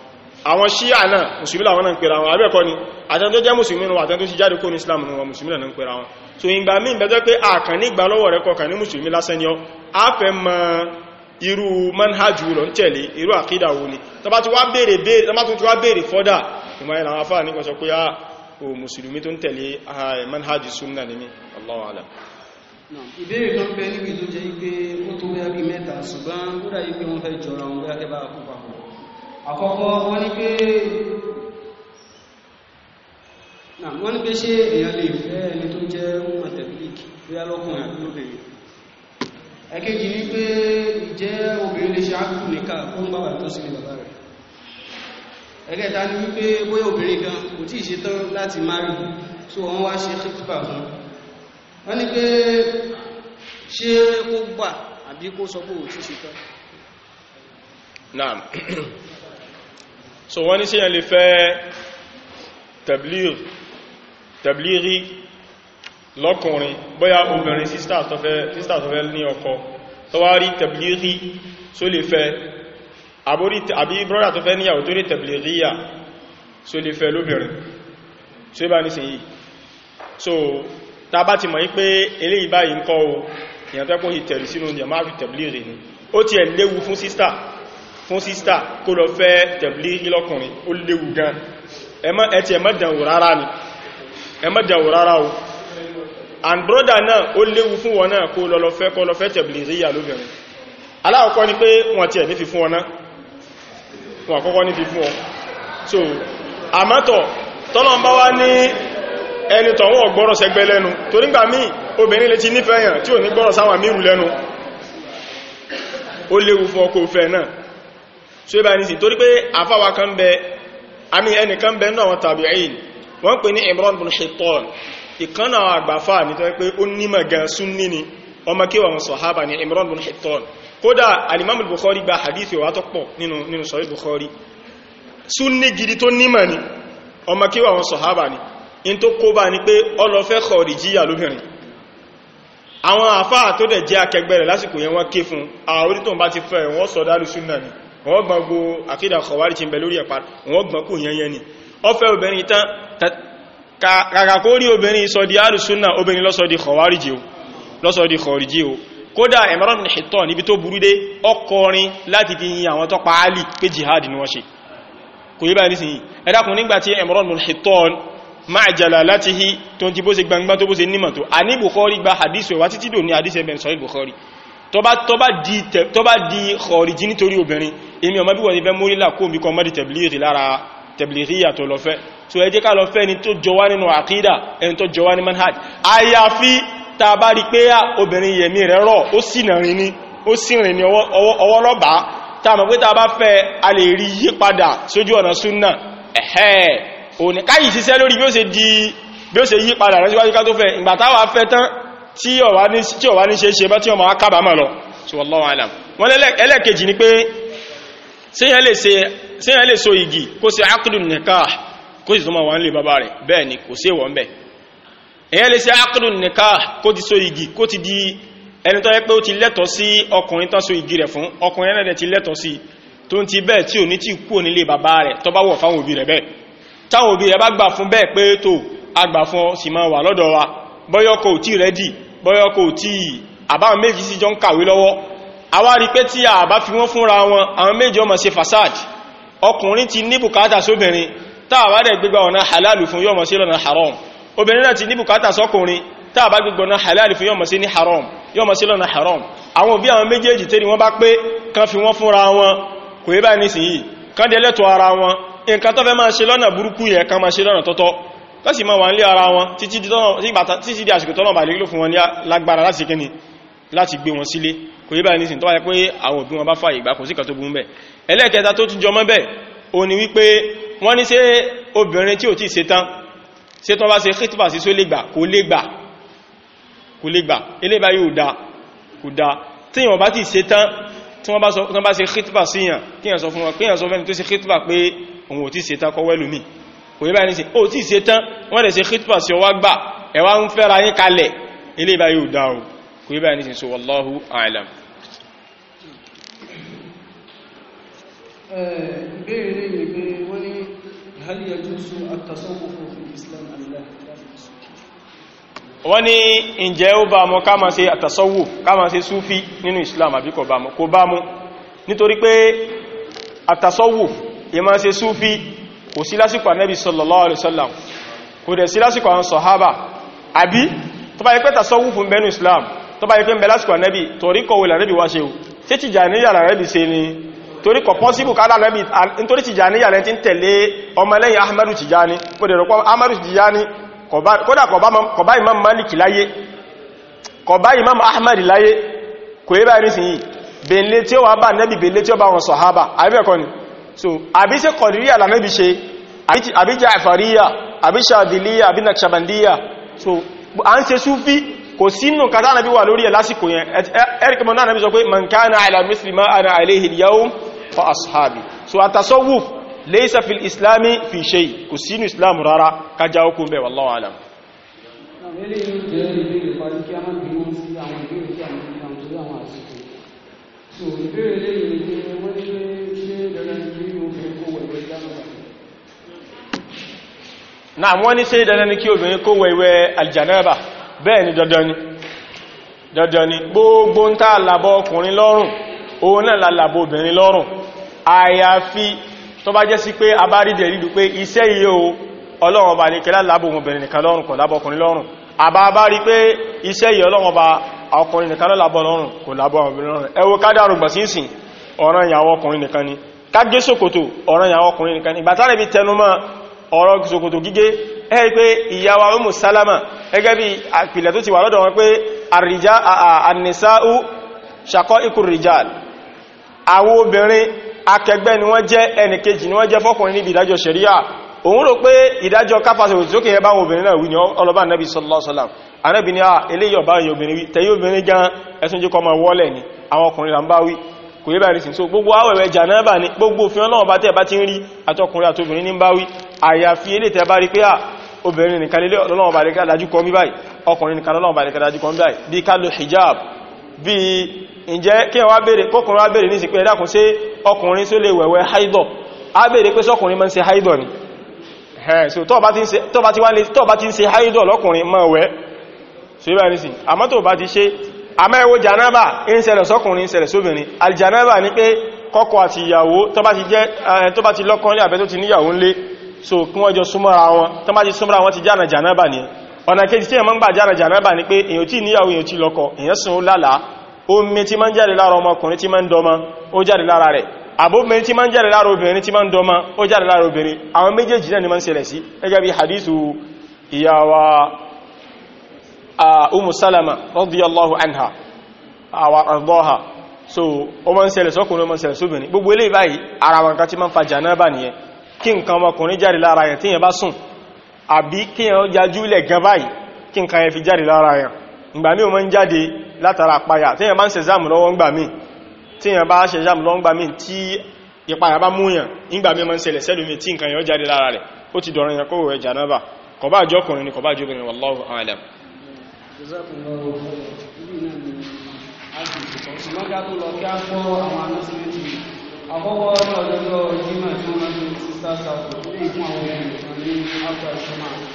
àwọn ṣíà náà mùsùlùmí làwọn náà ń pera wọn àbẹ́ẹ̀kọ́ ni àtẹ́ntọ́ jẹ́ mùsùlùmí wọn àtẹ́ntọ́ ti jáde kúrò ìsìlámù náà wọn mùsùlùmí náà ń pera wọn so ìgbà míì bẹ́jọ́ pé àkàn ní ìgbà lọ́wọ́ rẹ̀ kọkàn ní mùsùlùmí lásán ni ọ́ a fẹ́ mọ irú manhajù lọ ń tẹ̀lé irú àkídà ni tọba ti wá béèrè béèrè tọba tó ti wá ìbéèrè kan bẹ níbi tó jẹ́ pé ó tó bẹ́ẹ̀ bí mẹ́ta ṣùgbọ́n ó dàbí pé wọ́n fẹ́ jọra wọn bí akẹ́bà kó papọ̀ àkọ́kọ́ wọ́n ní pé wọ́n ní pé ṣé èèyàn lè fẹ́ ẹni tó jẹ́ ọmọ tẹ̀bílìkì bóyá lọ́kùnrin àbí lóbìnrin ẹ̀kejì ní pé ìjẹ́ obìnrin lè ṣe ákùn nìka fún bàbá tó sí bàbá rẹ̀ ẹ̀kẹta ní wípé bóyá obìnrin kan kò tí ì ṣetán láti márì so wọ́n wá ṣe kíkpà fún wọ́n ní pé ṣé ó gbà àbí kó sọ pé ò tí ṣetán naam so wọ́n ní ṣé yẹn lè fẹ́ tàbílìrí lọ́kùnrin bóyá obìnrin sísítà tó fẹ́ ní ọkọ tó wá rí tàbílìrí só lè fẹ́ àbí brọ́dà tó fẹ́ níyàwó tó rí tàbílìríyà só lè fẹ́ lóbìnrin so ibá ní sí yìí so ta bá ti mọ̀ yí pé eléyìí báyìí ń kọ́ o èyàn tẹ́kùn ìtẹ̀rì sínú jẹ̀má fi tẹ̀blìrì ni ó ti ẹ̀ léwu fún sísta fún sísta kó lọ fẹ́ tẹ̀blìrì lọ́kùnrin ó léwu gan ẹ ti ẹ̀mọ́dẹ̀wò rárá ni ẹ̀mọ́dẹ̀wò rárá o and brother náà ó léwu fún wọn náà kó lọ fẹ́ kó lọ fẹ́ tẹ̀blìrì yà lóbìnrin aláwọ̀kọ́ ni ẹni tọ̀wọ́ ọ̀gbọ́rọ̀ sẹgbẹ́ lẹ́nu tó nígbà míì obìnrin lè ti nífẹ̀ẹ́yàn tí ò ní gbọ́rọ̀ sáwọn mírù lẹ́nu ó léwu fún ọkọ òfẹ́ náà so ibà ní sí torí pé àfáwà kan bẹ àmì ẹnìkan bẹ náà wọn tabi'in wọ́n pè ní Imran bin Hittan ìkan náà àgbàfà ní tó pé ó ni ọmọ kíwà wọn gidi tó nímọ̀ ni ọmọ wọn sọ̀hábà ni in tó kó bá ní pé ọlọ́fẹ́ kọ̀ọ̀rì jíyà lóbìnrin àwọn àfáà tó dẹ̀ jẹ́ akẹgbẹ́ rẹ̀ lásìkò yẹn wọ́n ké fún àwọn tó ń bá ti fẹ́ wọ́n sọ dálù súnà ni wọ́n gbọ́n gbó àkídà kọ̀wárí ti ń bẹ lórí ẹ̀pá wọ́n gbọ́n kò ni ó fẹ́ obìnrin tán kàkà kó rí obìnrin sọ di kódà Imran bin níbi tó burú dé ọkọrin láti fi yin àwọn tó pa pé jihad ni wọ́n ṣe kò yí báyìí nísìnyí ẹ dákun nígbà tí Imran bin máa jàlá láti hí tó ti bó ṣe gbangba tó bó ṣe nímọ̀ tó a ní Bukhari gba hadith wà títí dò ní hadith ẹbẹ̀n sọ Bukhari tó bá di kọ̀ọ̀rìjì nítorí obìnrin èmi ọmọ bí wọ́n ni fẹ́ múrílà kó mi kọ mọ́ di tẹ̀blìrì lára tẹ̀blìrì yàtọ̀ lọ́fẹ́ so ẹ jẹ́ ká lọ́fẹ́ ni tó jọwá nínú àkídà ẹni tó jọwá ní manhaj àyàfi ta bá rí pé obìnrin yẹ̀mí rẹ̀ rọ̀ ó sì rìn ní ó sì rìn ní ta mọ̀ pé ta bá fẹ́ a lè rí yípadà sójú ọ̀nà súnnà ẹ̀hẹ́ òní káyì síṣẹ́ lórí bí ó se di bí ó ṣe yí padà rẹ̀ síwájú ká tó fẹ́ ìgbà táwà fẹ́ tán tí ọ̀wá ní ṣe ṣe bá tí alam wọ́n ẹlẹ́kejì ni pé síyàn lè so igi kó ṣe aqdun nikah kó sì tọ́mọ̀ wọ́n lè bàbá rẹ̀ bẹ́ẹ̀ ni di ẹni tó yẹ pé ó ti lẹ́tọ̀ sí ọkùnrin tán so igi rẹ̀ fún ọkùnrin ẹ̀rẹ́dẹ̀ ti lẹ́tọ̀ sí tó ń ti bẹ́ẹ̀ tí ò ní ti kú ò nílé bàbá rẹ̀ tó wọ̀ fáwọn òbí rẹ̀ bẹ́ẹ̀ táwọn òbí rẹ̀ bá gbà fún bẹ́ẹ̀ pé tó agbà sì máa wà lọ́dọ̀ wa bọ́yọ́kọ̀ ò tí rẹ́dì bọ́yọ́kọ̀ ò tí àbáwọn méjì sí jọ ń kàwé lọ́wọ́ àwa rí pé tí a bá fi wọ́n fúnra wọn àwọn méjì ọmọ ṣe fasad ọkùnrin ti ní bùkátà sóbìnrin táàbá haram obìnrin náà ti ní bùkátà sọkùnrin táàbá gbégbà ọ̀nà halal fún yọmọ sí ní haram yọmọ sí lọ́nà haram àwọn òbí àwọn méjèèjì tẹ́ni wọ́n bá pé kan fi wọ́n fúnra wọn dẹ̀ lẹ́tọ̀ọ́ nǹkan tó fẹ́ máa ṣe lọ́nà burúkú yẹ ká máa ṣe lọ́nà tọ́tọ́ lọ́sì máa wà nílé ara wọn títí di àsìkò tọ́nà bàlẹ́ ló fún wọn lágbára láti kíni láti gbé wọn sílé kò yí báyìí nísìn tó wáyé pé àwọn òbí wọn bá fàyè gbà kò sí kàtó burú bẹ́ẹ̀ ẹlẹ́ẹ̀kẹta tó tún jọmọ́ bẹ́ẹ̀ o ni wípé wọ́n ní ṣé obìnrin tí ò tí ṣetán ṣetán bá ṣe kìtìbà sí só lè gbà kò lè gbà kò lè gbà elébà yóò dá kò dá tí ìwọ̀n bá ti ṣetán tí wọ́n bá ṣe kìtìbà síyàn kíyàn sọ fún wọn kíyàn sọ fẹ́ni tó ṣe kìtìbà pé òun ò tí ṣe tán kọwẹ́ lómi kò yí báyìí ní sí ó tí ṣe tán wọ́n lè ṣe khitpa sí ọwá gbà ẹwà ń fẹ́ra yín kalẹ̀ ilé báyìí ò dá o kò yí báyìí ní sí so wallahu a'lam ìbéèrè ní pé wọ́n ní ìhàlìyà tó sún àtàsọ́wọ́ fún Islam àìlá ó bá mọ́ ká máa ṣe àtàsọ́wò ká máa ṣe súfí nínú Islam àbí kò bá mọ́ kò bá mọ́ nítorí pé àtàsọ́wò ìmá se súfí kò sí lásìkò ànẹ́bì sallallahu alaihi wasallam kò dẹ̀ sí lásìkò àwọn sọ̀hábà àbí tó bá yẹ pé tasọ́wù fún bẹnu islam tó bá yẹ pé ń bẹ lásìkò ànẹ́bì torí kọ̀ wòlà ànẹ́bì wá ṣe o tí Tìjàníyà ànẹ́bì ṣe ni torí kọ̀ pọ́síbù kára ànẹ́bì nítorí Tìjàníyà ànẹ́ ti ń tẹ̀lé ọmọlẹ́yìn ahmadu Tìjàní kò dẹ̀ rọ̀pọ̀ ahmadu imam malik láyé kò imam ahmad láyé kò yẹ báyìí nísìnyí bèèlé tí ó wà bá ànẹ́bì bèèlé tí ó bá wọn sọ̀hábà àbẹ́ẹ̀kọ́ ni so àbí ṣe kọ̀dìríyà lànàbí ṣe àbí jàfàríyà àbí ṣàdìlíyà àbí nàkṣàbàndíyà so a ń ṣe súfí kò sínú kàtà nàbí wà lórí ẹ̀ lásìkò yẹn ẹ̀rìkìmọ̀ náà nàbí sọ pé man kana ala misli ma ana alayhi al-yawm fa ashabi so at-tasawwuf laysa fil islami fi shay kò sínú islam rárá ká jáwó kún bẹ̀ wallahu alam So, ìbéèrè lè yìí ni wọ́n ní na wọ́n ní ṣe dandan ni kí obìnrin kó wẹ̀ ìwẹ̀ aljanaba bẹ́ẹ̀ ni dandan ni dandan ni gbogbo ń tàà làbọ̀ ọkùnrin lọ́rùn òun náà lálàbọ̀ obìnrin lọ́rùn àyàfi tó bá jẹ́ sí pé a bá rí dẹ̀rídù pé iṣẹ́ iye o ọlọ́run ọba ní kẹlá lábò obìnrin nìkan lọ́rùn kò lábọ̀ ọkùnrin lọ́rùn àbá bá rí pé iṣẹ́ iye ọlọ́run ọba ọkùnrin nìkan lábọ̀ lọ́rùn kò lábọ̀ obìnrin ọ̀rọ̀ ṣòkòtò gígé ẹ́ pé ìyàwó Ummu Salama gẹ́gẹ́ bí àpìlẹ̀ tó ti wà lọ́dọ̀ wọn pé àrìjá an-nisa'u shaqa'iqur rijal àwọn obìnrin akẹgbẹ́ ni wọ́n jẹ́ ẹnìkejì ni wọ́n jẹ́ fọ́kùnrin níbi ìdájọ́ ṣẹ̀ríà òun rò pé ìdájọ́ káfàṣẹ̀ òtútókè ẹ bá àwọn obìnrin náà wí ní ọlọ́bá ni a eléyọ̀ bá yọ obìnrin wí tẹ́yí obìnrin gan ẹ̀sùn jíkọ ma wọ́lẹ̀ ni àwọn ọkùnrin là ń gbogbo òfin ọlọ́run bá tẹ́ bá ti ń rí àtọkùnrin àtobìnrin ní bá wí àyàfi ilé tẹ́ bá rí pé à obìnrin nìkan lé ọlọ́wọ́ bá lẹ́kẹ́ dájú kọ́ mí báyìí ọkùnrin nìkan lọ́wọ́ bá lẹ́kẹ́ dájú kọ́ báyìí bí ká lo hijab bí ǹjẹ́ kí wá béèrè kọkùnrin wá béèrè ní sí pé ẹ̀dàkùn sí ọkùnrin só lè wẹ̀wẹ̀ haidọ̀ á béèrè pé sọkùnrin máa ń ṣe haidọ̀ ni so tó bá ti ń se haidọ̀ lọ́kùnrin máa wẹ̀ so ibà ní sí àmọ́ tó bá ti ṣe àmọ́ ẹwọ janaba ń ṣẹlẹ̀ sọkùnrin ń ṣẹlẹ̀ sóbìnrin aljanaba ni pé kọ́kọ́ àti ìyàwó tó bá ti lọ́kọ́ ní àbẹ́ tó ti níyàwó ńlé so kí wọ́n jọ súnmọ́ra wọn tó má ti súnmọ́ra wọn ti jára jànábà ní ọ̀nà kejì tí èyàn máa ń gbà jára jànábà ní pé èyàn tí níyàwó èyàn tí lọ́kọ èyàn sùn ó lálá omi tí máa ń jáde lára ọmọkùnrin tí máa ń dọmọ ó jáde lára rẹ̀ àbóbìnrin tí máa ń jáde lára obìnrin tí máa ń dọmọ ó jáde lára obìnrin àwọn méjèèjì náà ni máa ń ṣẹlẹ̀ sí gẹ́gẹ́ bí hadithu ìyàwó umu salama radiyallahu anha àwọn àrùdọ́ha so ó máa ń ṣẹlẹ̀ sọ́kùnrin ó máa sóbìnrin gbogbo eléyìí báyìí ara wọn kan tí máa ń fa jànábà nìyẹn kí nǹkan ọmọkùnrin jáde lára yẹn tí yẹn bá sùn àbí kí yẹn jajú ilẹ̀ gan báyìí kí nǹkan yẹn fi jáde lára yẹn ìgbà mí o mọ́ ń jáde látara àpáyà tí yẹn bá ń ṣe exam lọ́wọ́ ńgbà mí tí bá ṣe exam lọ́wọ́ ńgbà mí tí ìpayà mi tí nǹkan yẹn jáde lára rẹ̀ ó ti dọ̀rọ̀ yẹn kó wẹ̀ jànábà kò bá ni kò bá jọbìnrin tí wọ́n máa ń sasa tutakuwa pamoja na afya